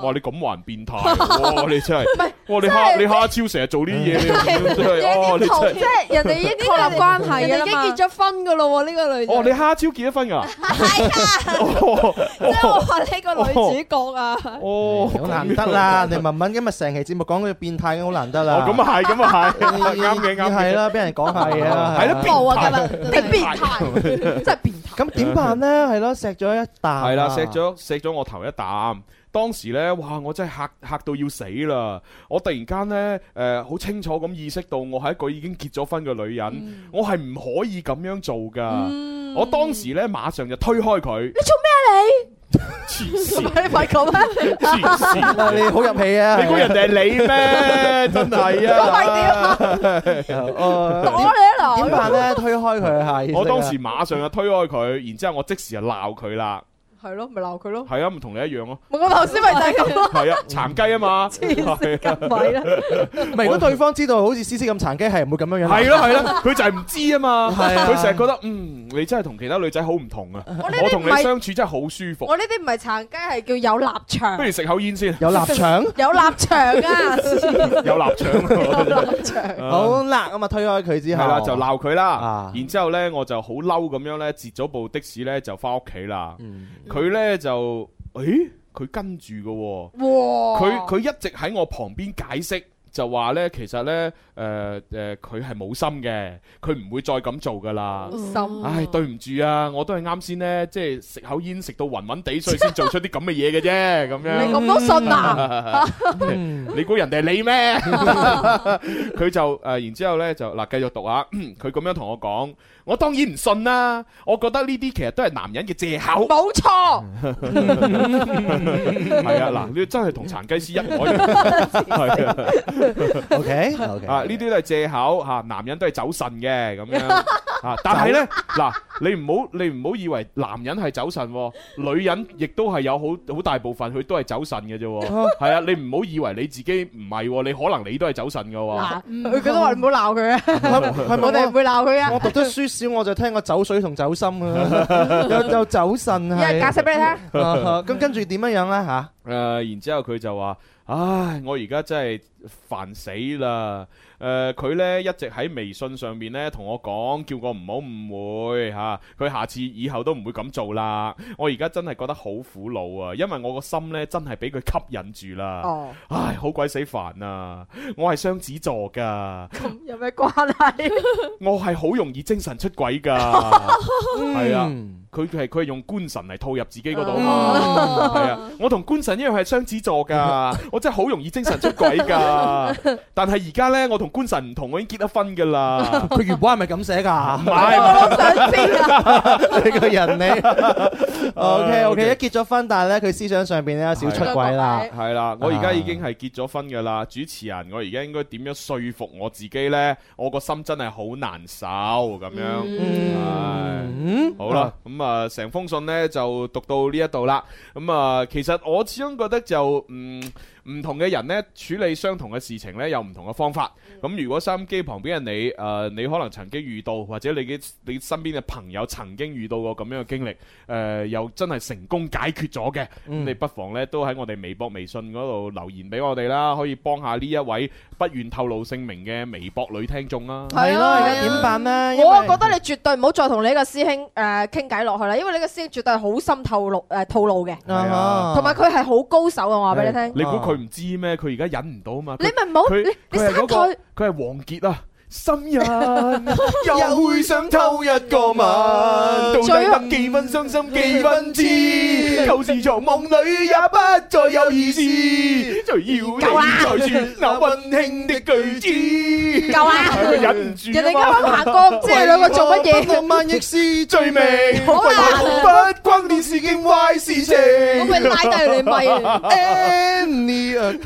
哇你咁還變態，你真係，喂，我你蝦你蝦超成日做呢啲嘢，即係人哋呢啲咁關係，人哋已經結咗婚噶咯，呢個女，哦你蝦超結咗婚噶，係啊，即係我話呢個女主角啊，哦好難得啦，你文文今日成期節目講佢變態咁好難得啦，咁啊係咁啊係，啱嘅啱，係啦，俾人講下嘢係啊，係咯，暴啊噶啦，變變態，真係變態，咁點辦咧？係咯，錫咗一啖。係啦，錫咗錫咗我頭一啖，當時呢，哇，我真係嚇嚇到要死啦！我突然間呢，誒、呃，好清楚咁意識到我係一個已經結咗婚嘅女人，嗯、我係唔可以咁樣做噶。嗯、我當時呢，馬上就推開佢。你做咩啊你？你唔係咁咩？你好入戲啊？你估人哋係你咩？真係啊！快啲啊！我、 啊、你點辦咧？推開佢係。我當時馬上就推開佢，然之後我即時就鬧佢啦。係咯，咪鬧佢咯。係啊，唔同你一樣咯。咪我頭先咪就係咁咯。係啊，殘雞啊嘛。黐線，夾米啦。如果對方知道好似思思咁殘雞，係唔會咁樣樣。係咯係咯，佢就係唔知啊嘛。佢成日覺得嗯，你真係同其他女仔好唔同啊。我同你相處真係好舒服。我呢啲唔係殘雞，係叫有立場。不如食口煙先。有立場？有立場啊！有立場，好啦，咁推開佢之後，係啦，就鬧佢啦。然之後咧，我就好嬲咁樣咧，截咗部的士咧，就返屋企啦。佢呢就，誒，佢跟住嘅、哦，佢佢哇 一直喺我旁邊解釋，就話呢，其實呢，誒、呃、誒，佢係冇心嘅，佢唔會再咁做噶啦。冇心、啊，唉，對唔住啊，我都係啱先呢，即係食口煙食到暈暈地，所以先做出啲咁嘅嘢嘅啫，咁樣。嗯、 你咁多信啊？你估人哋係你咩？佢就誒，然之後呢就嗱，繼續讀啊！佢 咁樣同我講。我當然唔信啦！我覺得呢啲其實都係男人嘅藉口，冇錯。係啊，嗱，你真係同殘雞屎一模一樣。係啊，OK，OK，啊，呢啲都係藉口嚇，男人都係走腎嘅咁樣嚇。但係咧，嗱，你唔好你唔好以為男人係走腎，女人亦都係有好好大部分佢都係走腎嘅啫。係啊，你唔好以為你自己唔係，你可能你都係走腎嘅喎。佢佢都話你唔好鬧佢啊，係我哋唔會鬧佢啊。我讀咗書。少我就聽過走水同走心啊，又又 走神啊、嗯，解釋俾你聽。咁跟住點樣樣咧吓？誒、呃，然之後佢就話。唉，我而家真係煩死啦！誒、呃，佢呢一直喺微信上面呢同我講，叫我唔好誤會嚇，佢、啊、下次以後都唔會咁做啦。我而家真係覺得好苦惱啊，因為我個心呢真係俾佢吸引住啦。哦，唉，好鬼死煩啊！我係雙子座噶、嗯，有咩關係？ 我係好容易精神出軌噶，係 啊。佢係佢係用官神嚟套入自己嗰度嘛？係、嗯、啊，我同官神一樣係雙子座噶，我真係好容易精神出軌噶。但係而家呢，我同官神唔同，我已經結咗婚噶啦。佢原文係咪咁寫噶？唔係、啊， 你個人你。O K O K，一結咗婚，但係呢，佢思想上邊呢少出軌啦。係、嗯嗯、啦，我而家已經係結咗婚噶啦。主持人，我而家應該點樣說服我自己呢？我個心真係好難受咁樣。嗯，是嗯，好啦咁。啊，成、嗯、封信呢，就讀到呢一度啦。咁、嗯、啊，其實我始終覺得就嗯。唔同嘅人呢，處理相同嘅事情呢，有唔同嘅方法。咁、嗯嗯、如果收音機旁邊嘅你，誒、呃，你可能曾經遇到，或者你嘅你身邊嘅朋友曾經遇到過咁樣嘅經歷，誒、呃，又真係成功解決咗嘅，嗯 mm hmm. 你不妨呢都喺我哋微博、微信嗰度留言俾我哋啦，可以幫下呢一位不願透露姓名嘅微博女聽眾啦、啊。係咯，而家點辦呢？我覺得你絕對唔好再同你呢個師兄誒傾偈落去啦，因為你個師兄絕對係好深透露誒套路嘅，同埋佢係好、ja、高手啊！我話俾你聽。佢唔知咩？佢而家忍唔到啊嘛！你咪好，佢佢係嗰個，佢係王傑啊！心人又會想偷一個吻，到底得幾分傷心，幾分痴？舊時床夢裏也不再有意思，誰要再續那溫馨的句子？夠啊！夠啊！忍唔住啊！人哋咁下歌，即係兩個做乜嘢？萬惡是罪名，不關電視嘅壞事情。我俾拉低你咪啊！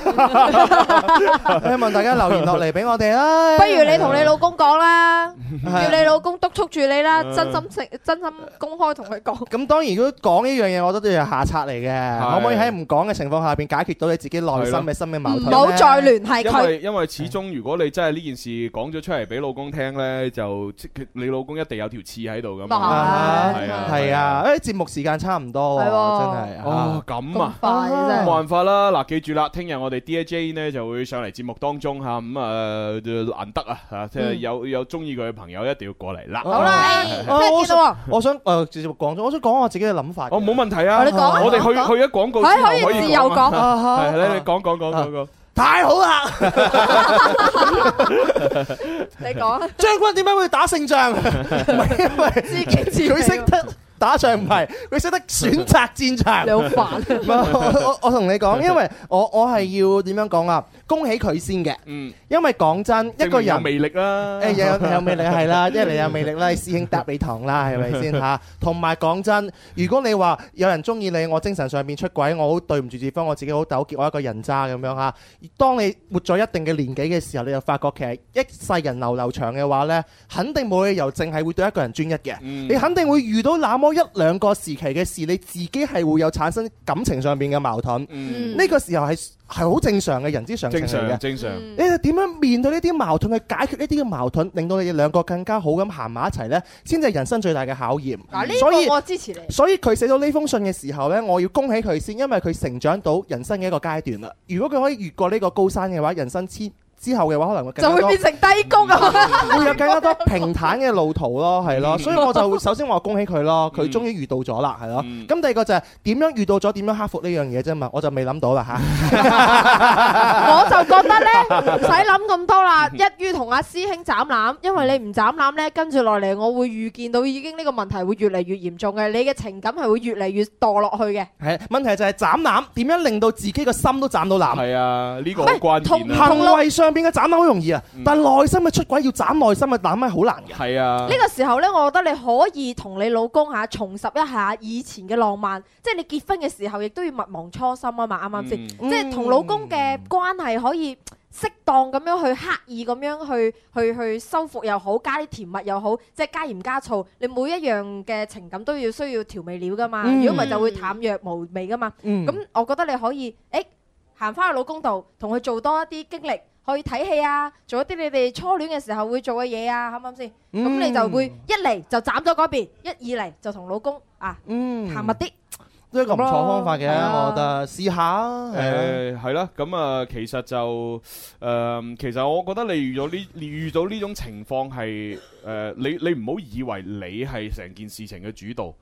希望大家留言落嚟俾我哋啦！不如你同，你老公講啦，叫你老公督促住你啦，真心誠真心公開同佢講。咁當然如果講呢樣嘢，我覺得都係下策嚟嘅。可唔可以喺唔講嘅情況下邊解決到你自己內心嘅心嘅矛盾咧？唔好再聯繫佢。因為因為始終如果你真係呢件事講咗出嚟俾老公聽咧，就即你老公一定有條刺喺度咁。快係啊，係啊，誒節目時間差唔多，真係。哦咁啊，咁冇辦法啦。嗱，記住啦，聽日我哋 DJ 咧就會上嚟節目當中嚇，咁啊難得啊嚇。即係有有中意佢嘅朋友一定要過嚟啦！好啦，我想我想誒直接講咗，我想講我自己嘅諗法。我冇問題啊！你講，我哋去去一廣告之後可以自由講。係，你你講講講講講，太好啦！你講啊！將軍點解會打勝仗？唔係因為自己自己識得。打仗唔係，佢識得選擇戰場。 你好煩、啊 我。我同你講，因為我我係要點樣講啊？恭喜佢先嘅。嗯。因為講真，一個人魅力啦。誒，有有魅力係啦，一你有魅力啦，師兄搭你堂啦，係咪先嚇？同埋講真，如果你話有人中意你，我精神上面出軌，我好對唔住對方，我自己好糾結，我一個人渣咁樣嚇。當你活咗一定嘅年紀嘅時候，你就發覺其實一世人流流長嘅話呢，肯定冇理由淨係會對一個人專一嘅。你肯定會遇到多一兩個時期嘅事，你自己係會有產生感情上面嘅矛盾。呢、嗯、個時候係係好正常嘅人之常情嘅。正常，你哋點樣面對呢啲矛盾，去解決呢啲嘅矛盾，令到你哋兩個更加好咁行埋一齊呢？先至人生最大嘅考驗。嗯、所以、啊這個、我支持你。所以佢寫到呢封信嘅時候呢，我要恭喜佢先，因為佢成長到人生嘅一個階段啦。如果佢可以越過呢個高山嘅話，人生千。之後嘅話可能會就會變成低谷啊，嗯、會有更加多平坦嘅路途咯，係、嗯、咯，所以我就首先話恭喜佢咯，佢、嗯、終於遇到咗啦，係咯。咁、嗯、第二個就係、是、點樣遇到咗，點樣克服呢樣嘢啫嘛，我就未諗到啦嚇。 我就覺得呢，唔使諗咁多啦，一於同阿師兄斬攬，因為你唔斬攬呢，跟住落嚟，我會預見到已經呢個問題會越嚟越嚴重嘅，你嘅情感係會越嚟越墮落去嘅。係，問題就係斬攬點樣令到自己個心都斬到攬。係、這個、啊，呢個好關鍵啊，同邊個斬得好容易啊？但係內心嘅出軌要斬內心嘅男媽好難嘅。係啊、嗯。呢個時候呢，我覺得你可以同你老公嚇、啊、重拾一下以前嘅浪漫，即係你結婚嘅時候，亦都要勿忘初心啊嘛，啱唔啱先？嗯、即係同老公嘅關係可以適當咁樣去刻意咁樣去去去修復又好，加啲甜蜜又好，即係加鹽加醋。你每一樣嘅情感都要需要調味料噶嘛，如果唔係就會淡若無味噶嘛。咁、嗯嗯、我覺得你可以，誒行翻去老公度，同佢做多一啲經歷。去睇戲啊，做一啲你哋初戀嘅時候會做嘅嘢啊，啱唔啱先？咁、嗯、你就會一嚟就斬咗嗰邊，一二嚟就同老公啊、嗯、行密啲，都係咁錯方法嘅、啊，啊、我覺得試、啊、下啊。誒、嗯，係啦、嗯，咁啊、嗯，其實就誒，其實我覺得你遇到呢，你遇到呢種情況係誒、嗯，你你唔好以為你係成件事情嘅主導。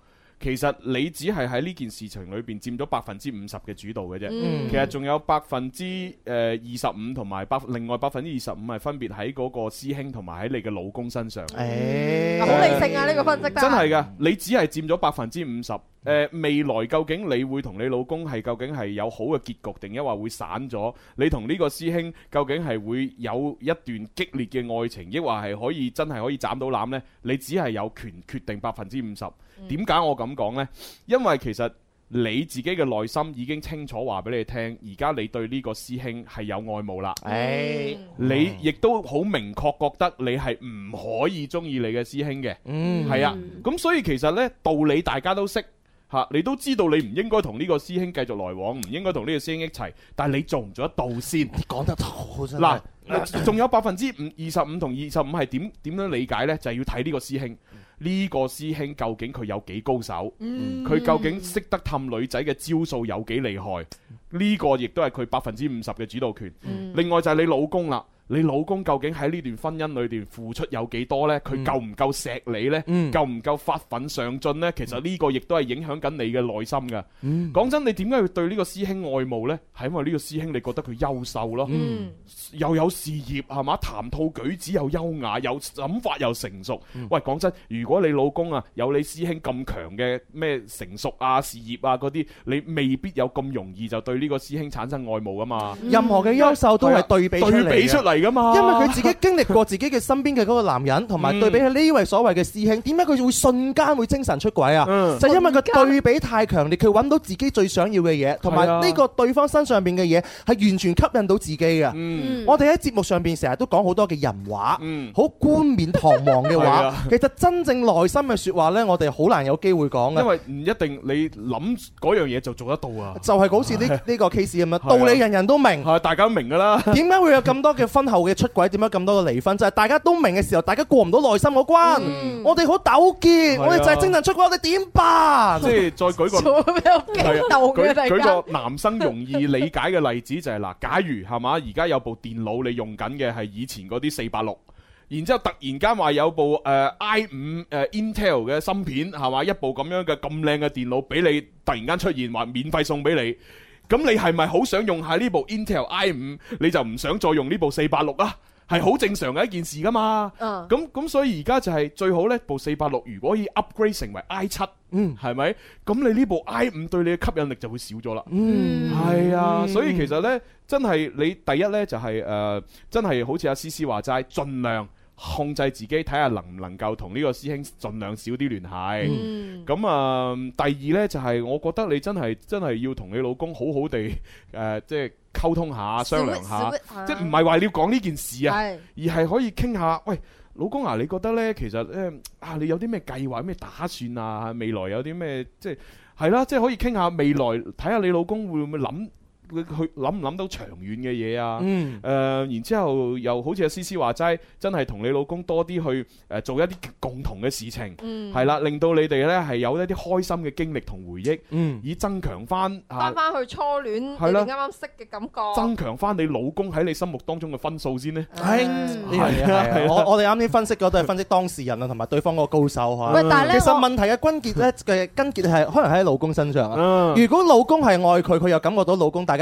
其實你只係喺呢件事情裏邊佔咗百分之五十嘅主導嘅啫，嗯、其實仲有百分之誒二十五同埋百另外百分之二十五係分別喺嗰個師兄同埋喺你嘅老公身上。誒、嗯，好、嗯、理性啊！呢、這個分析、啊、真係噶，你只係佔咗百分之五十。誒、呃，未來究竟你會同你老公係究竟係有好嘅結局，定抑或會散咗？你同呢個師兄究竟係會有一段激烈嘅愛情，抑或係可以真係可以斬到攬呢？你只係有權決定百分之五十。點解我咁講呢？因為其實你自己嘅內心已經清楚話俾你聽，而家你對呢個師兄係有愛慕啦。誒、嗯，你亦都好明確覺得你係唔可以中意你嘅師兄嘅。嗯，係啊。咁所以其實呢道理大家都識吓、啊，你都知道你唔應該同呢個師兄繼續來往，唔應該同呢個師兄一齊。但係你做唔做得到先？你講得好真仲有百分之五、二十五同二十五係點點樣理解呢？就係、係、要睇呢個師兄，呢、呢個師兄究竟佢有幾高手？佢、嗯、究竟識得氹女仔嘅招數有幾厲害？呢、呢個亦都係佢百分之五十嘅主導權。嗯、另外就係你老公啦。你老公究竟喺呢段婚姻裏邊付出有幾多咧？佢夠唔夠錫你咧？夠唔夠發奮上進咧？其實呢個亦都係影響緊你嘅內心噶。講真，你點解要對呢個師兄愛慕咧？係因為呢個師兄你覺得佢優秀咯，又有事業係嘛？談吐舉止又優雅，有諗法又成熟。喂，講真，如果你老公啊有你師兄咁強嘅咩成熟啊、事業啊嗰啲，你未必有咁容易就對呢個師兄產生愛慕啊嘛？任何嘅優秀都係對比出嚟。因為佢自己經歷過自己嘅身邊嘅嗰個男人，同埋對比起呢位所謂嘅師兄，點解佢會瞬間會精神出軌啊？嗯、就因為佢對比太強烈，佢揾到自己最想要嘅嘢，同埋呢個對方身上邊嘅嘢係完全吸引到自己嘅。嗯、我哋喺節目上邊成日都講好多嘅人話，好，嗯、冠冕堂皇嘅話，嗯、其實真正內心嘅說話呢，我哋好難有機會講嘅，因為唔一定你諗嗰樣嘢就做得到啊。就係好似呢呢個 case 咁啊，道理人人都明，嗯，大家都明噶啦。點解會有咁多嘅婚後嘅出軌點解咁多個離婚，就係、是、大家都明嘅時候，大家過唔到內心個關，嗯、我哋好糾結，啊、我哋就係精神出軌，我哋點辦？即係再舉個係 啊，舉, 舉個男生容易理解嘅例子就係、是、嗱， 假如係嘛，而家有部電腦你用緊嘅係以前嗰啲四八六，然之後突然間話有部誒、呃、i 五誒、呃、Intel 嘅芯片係嘛，一部咁樣嘅咁靚嘅電腦俾你突然間出現話免費送俾你。咁你係咪好想用下呢部 Intel I 五？你就唔想再用呢部四八六啊？係好正常嘅一件事噶嘛。咁咁、uh. 所以而家就係最好呢部四八六如果可以 upgrade 成為 I 七、mm.，係咪？咁你呢部 I 五對你嘅吸引力就會少咗啦。係、mm. 啊，所以其實呢，真係你第一呢就係、是、誒、呃，真係好似阿思思話齋，盡量。控制自己，睇下能唔能夠同呢個師兄盡量少啲聯繫。咁啊、嗯嗯，第二呢，就係、是，我覺得你真係真係要同你老公好好地誒、呃，即係溝通下、Sweet, 商量下，Sweet, uh, 即係唔係為了講呢件事啊，uh, 而係可以傾下。喂，老公啊，你覺得呢？其實呢啊、呃，你有啲咩計劃、咩打算啊？未來有啲咩即係係啦，即係可以傾下未來，睇下你老公會唔會諗。佢佢諗唔諗到長遠嘅嘢啊？嗯。誒，然之後又好似阿 C C 話齋，真係同你老公多啲去誒做一啲共同嘅事情，嗯，係啦，令到你哋咧係有一啲開心嘅經歷同回憶，嗯，以增強翻翻翻去初戀，係咯，啱啱識嘅感覺，增強翻你老公喺你心目當中嘅分數先呢。係，我我哋啱先分析嗰都係分析當事人啊，同埋對方個高手嚇。但係咧，其實問題嘅關鍵咧嘅根結係可能喺老公身上啊。如果老公係愛佢，佢又感覺到老公大家。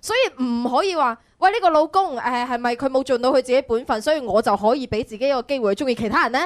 所以唔可以話喂呢、這個老公誒係咪佢冇盡到佢自己本分，所以我就可以俾自己一個機會去中意其他人呢？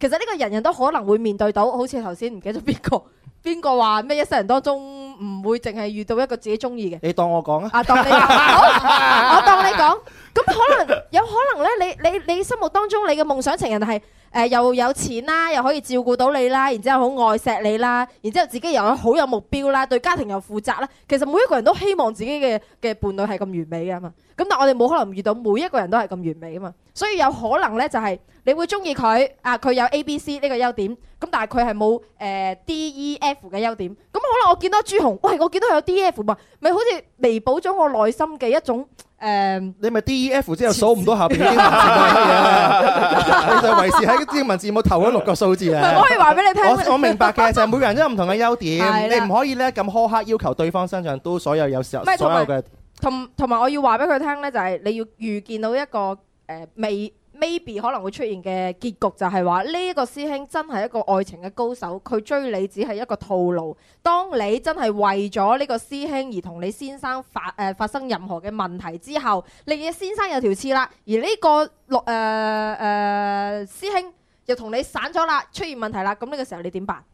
其實呢個人人都可能會面對到，好似頭先唔記得咗邊個。邊個話咩？一生人當中唔會淨係遇到一個自己中意嘅？你當我講啊？啊，當你講， 我當你講，咁可能有可能咧？你你你心目當中你嘅夢想情人係誒、呃、又有錢啦，又可以照顧到你啦，然之後好愛錫你啦，然之後自己又好有目標啦，對家庭又負責啦。其實每一個人都希望自己嘅嘅伴侶係咁完美㗎嘛。咁但我哋冇可能遇到每一個人都係咁完美啊嘛。所以有可能咧就係、是。你會中意佢，啊佢有 A B C 呢個優點，咁但係佢係冇誒 D E F 嘅優點，咁、嗯、可能我見到朱紅，喂我見到有 D E F 嘛，咪好似彌補咗我內心嘅一種誒、呃、你咪 D E F 之後數唔到下邊啲文字嘅嘢、啊， 你就維持喺啲英文字母頭嗰六個數字啊，我可以話俾你聽。我我明白嘅就係每個人都有唔同嘅優點， 你唔可以咧咁苛刻要求對方身上都有所有有時候所有嘅，同同埋我要話俾佢聽咧就係、是、你要預見到一個誒、呃、未。未未 Maybe 可能會出現嘅結局就係話呢個師兄真係一個愛情嘅高手，佢追你只係一個套路。當你真係為咗呢個師兄而同你先生發誒、呃、發生任何嘅問題之後，你嘅先生有條刺啦，而呢、這個六誒誒師兄又同你散咗啦，出現問題啦，咁呢個時候你點辦？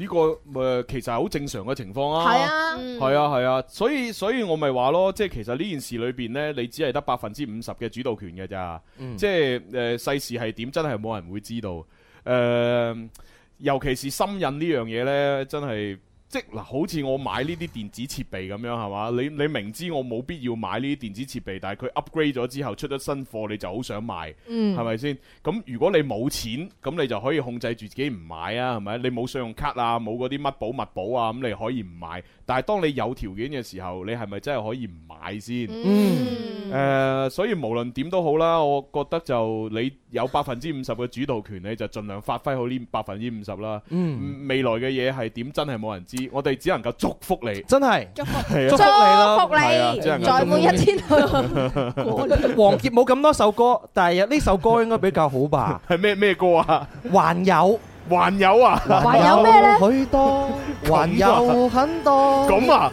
呢、這個誒、呃、其實係好正常嘅情況啊，係啊，係啊，係、嗯、啊，啊，啊，所以所以我咪話咯，即係其實呢件事裏邊呢，你只係得百分之五十嘅主導權嘅咋，嗯、即係誒世事係點，真係冇人會知道，誒、呃、尤其是心癮呢樣嘢呢，真係。即嗱，好似我買呢啲電子設備咁樣係嘛？你你明知我冇必要買呢啲電子設備，但係佢 upgrade 咗之後出咗新貨，你就好想買，嗯，係咪先？咁如果你冇錢，咁你就可以控制住自己唔買啊，係咪？你冇信用卡啊，冇嗰啲乜保密保啊，咁你可以唔買，但係當你有條件嘅時候，你係咪真係可以唔買先？嗯誒、呃、所以無論點都好啦，我覺得就你有百分之五十嘅主導權，你就盡量發揮好呢百分之五十啦。嗯，未來嘅嘢係點真係冇人知。我哋只能夠祝福你，真係祝福你啦，祝福你，再每一天去。王傑冇咁多首歌，但係呢首歌應該比較好吧？係咩咩歌啊？還有，還有啊？還有咩咧？許多，還有很多。咁啊？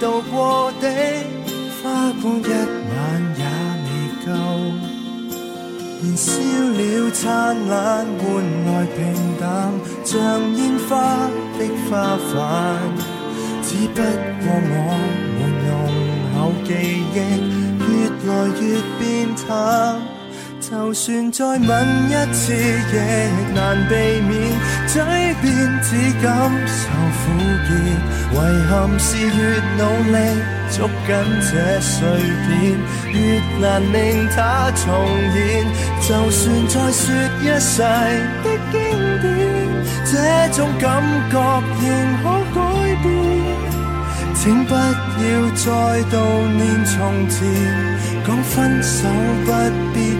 渡過的花光一晚也未夠，燃燒了燦爛，換來平淡，像煙花的花瓣，只不過我，我們濃厚記憶越來越變淡。就算再吻一次，亦難避免嘴邊只感受苦澀。遺憾是越努力捉緊這碎片，越難令它重現。就算再說一世的經典，這種感覺仍可改變。請不要再悼念從前，講分手不必。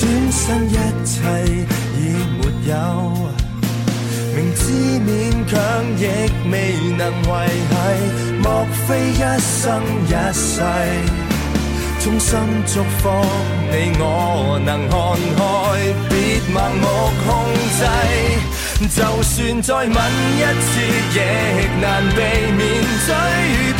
轉身一切已沒有，明知勉強亦未能維繫，莫非一生一世衷心祝福你我能看開，別盲目控制，就算再吻一次亦難避免追。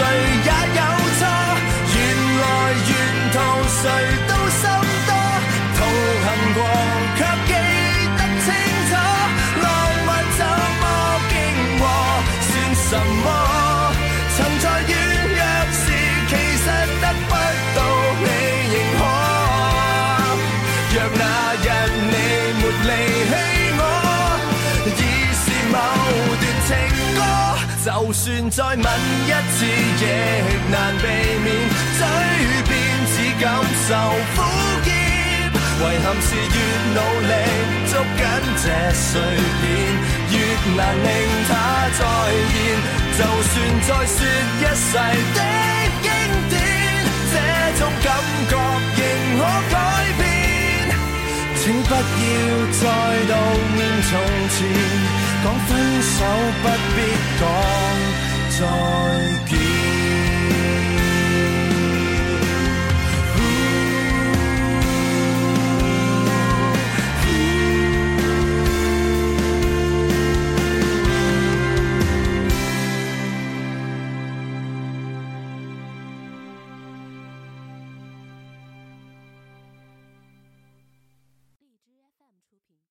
誰也有錯，原來沿途誰都心多，痛恨過卻記得清楚，浪漫怎麼經過，算什麼？就算再吻一次，亦難避免嘴邊只感受苦澀。遺憾是越努力捉緊這碎片，越難令它再現。就算再説一世的經典，這種感覺仍可改變。請不要再悼念從前。講分手不必講再見。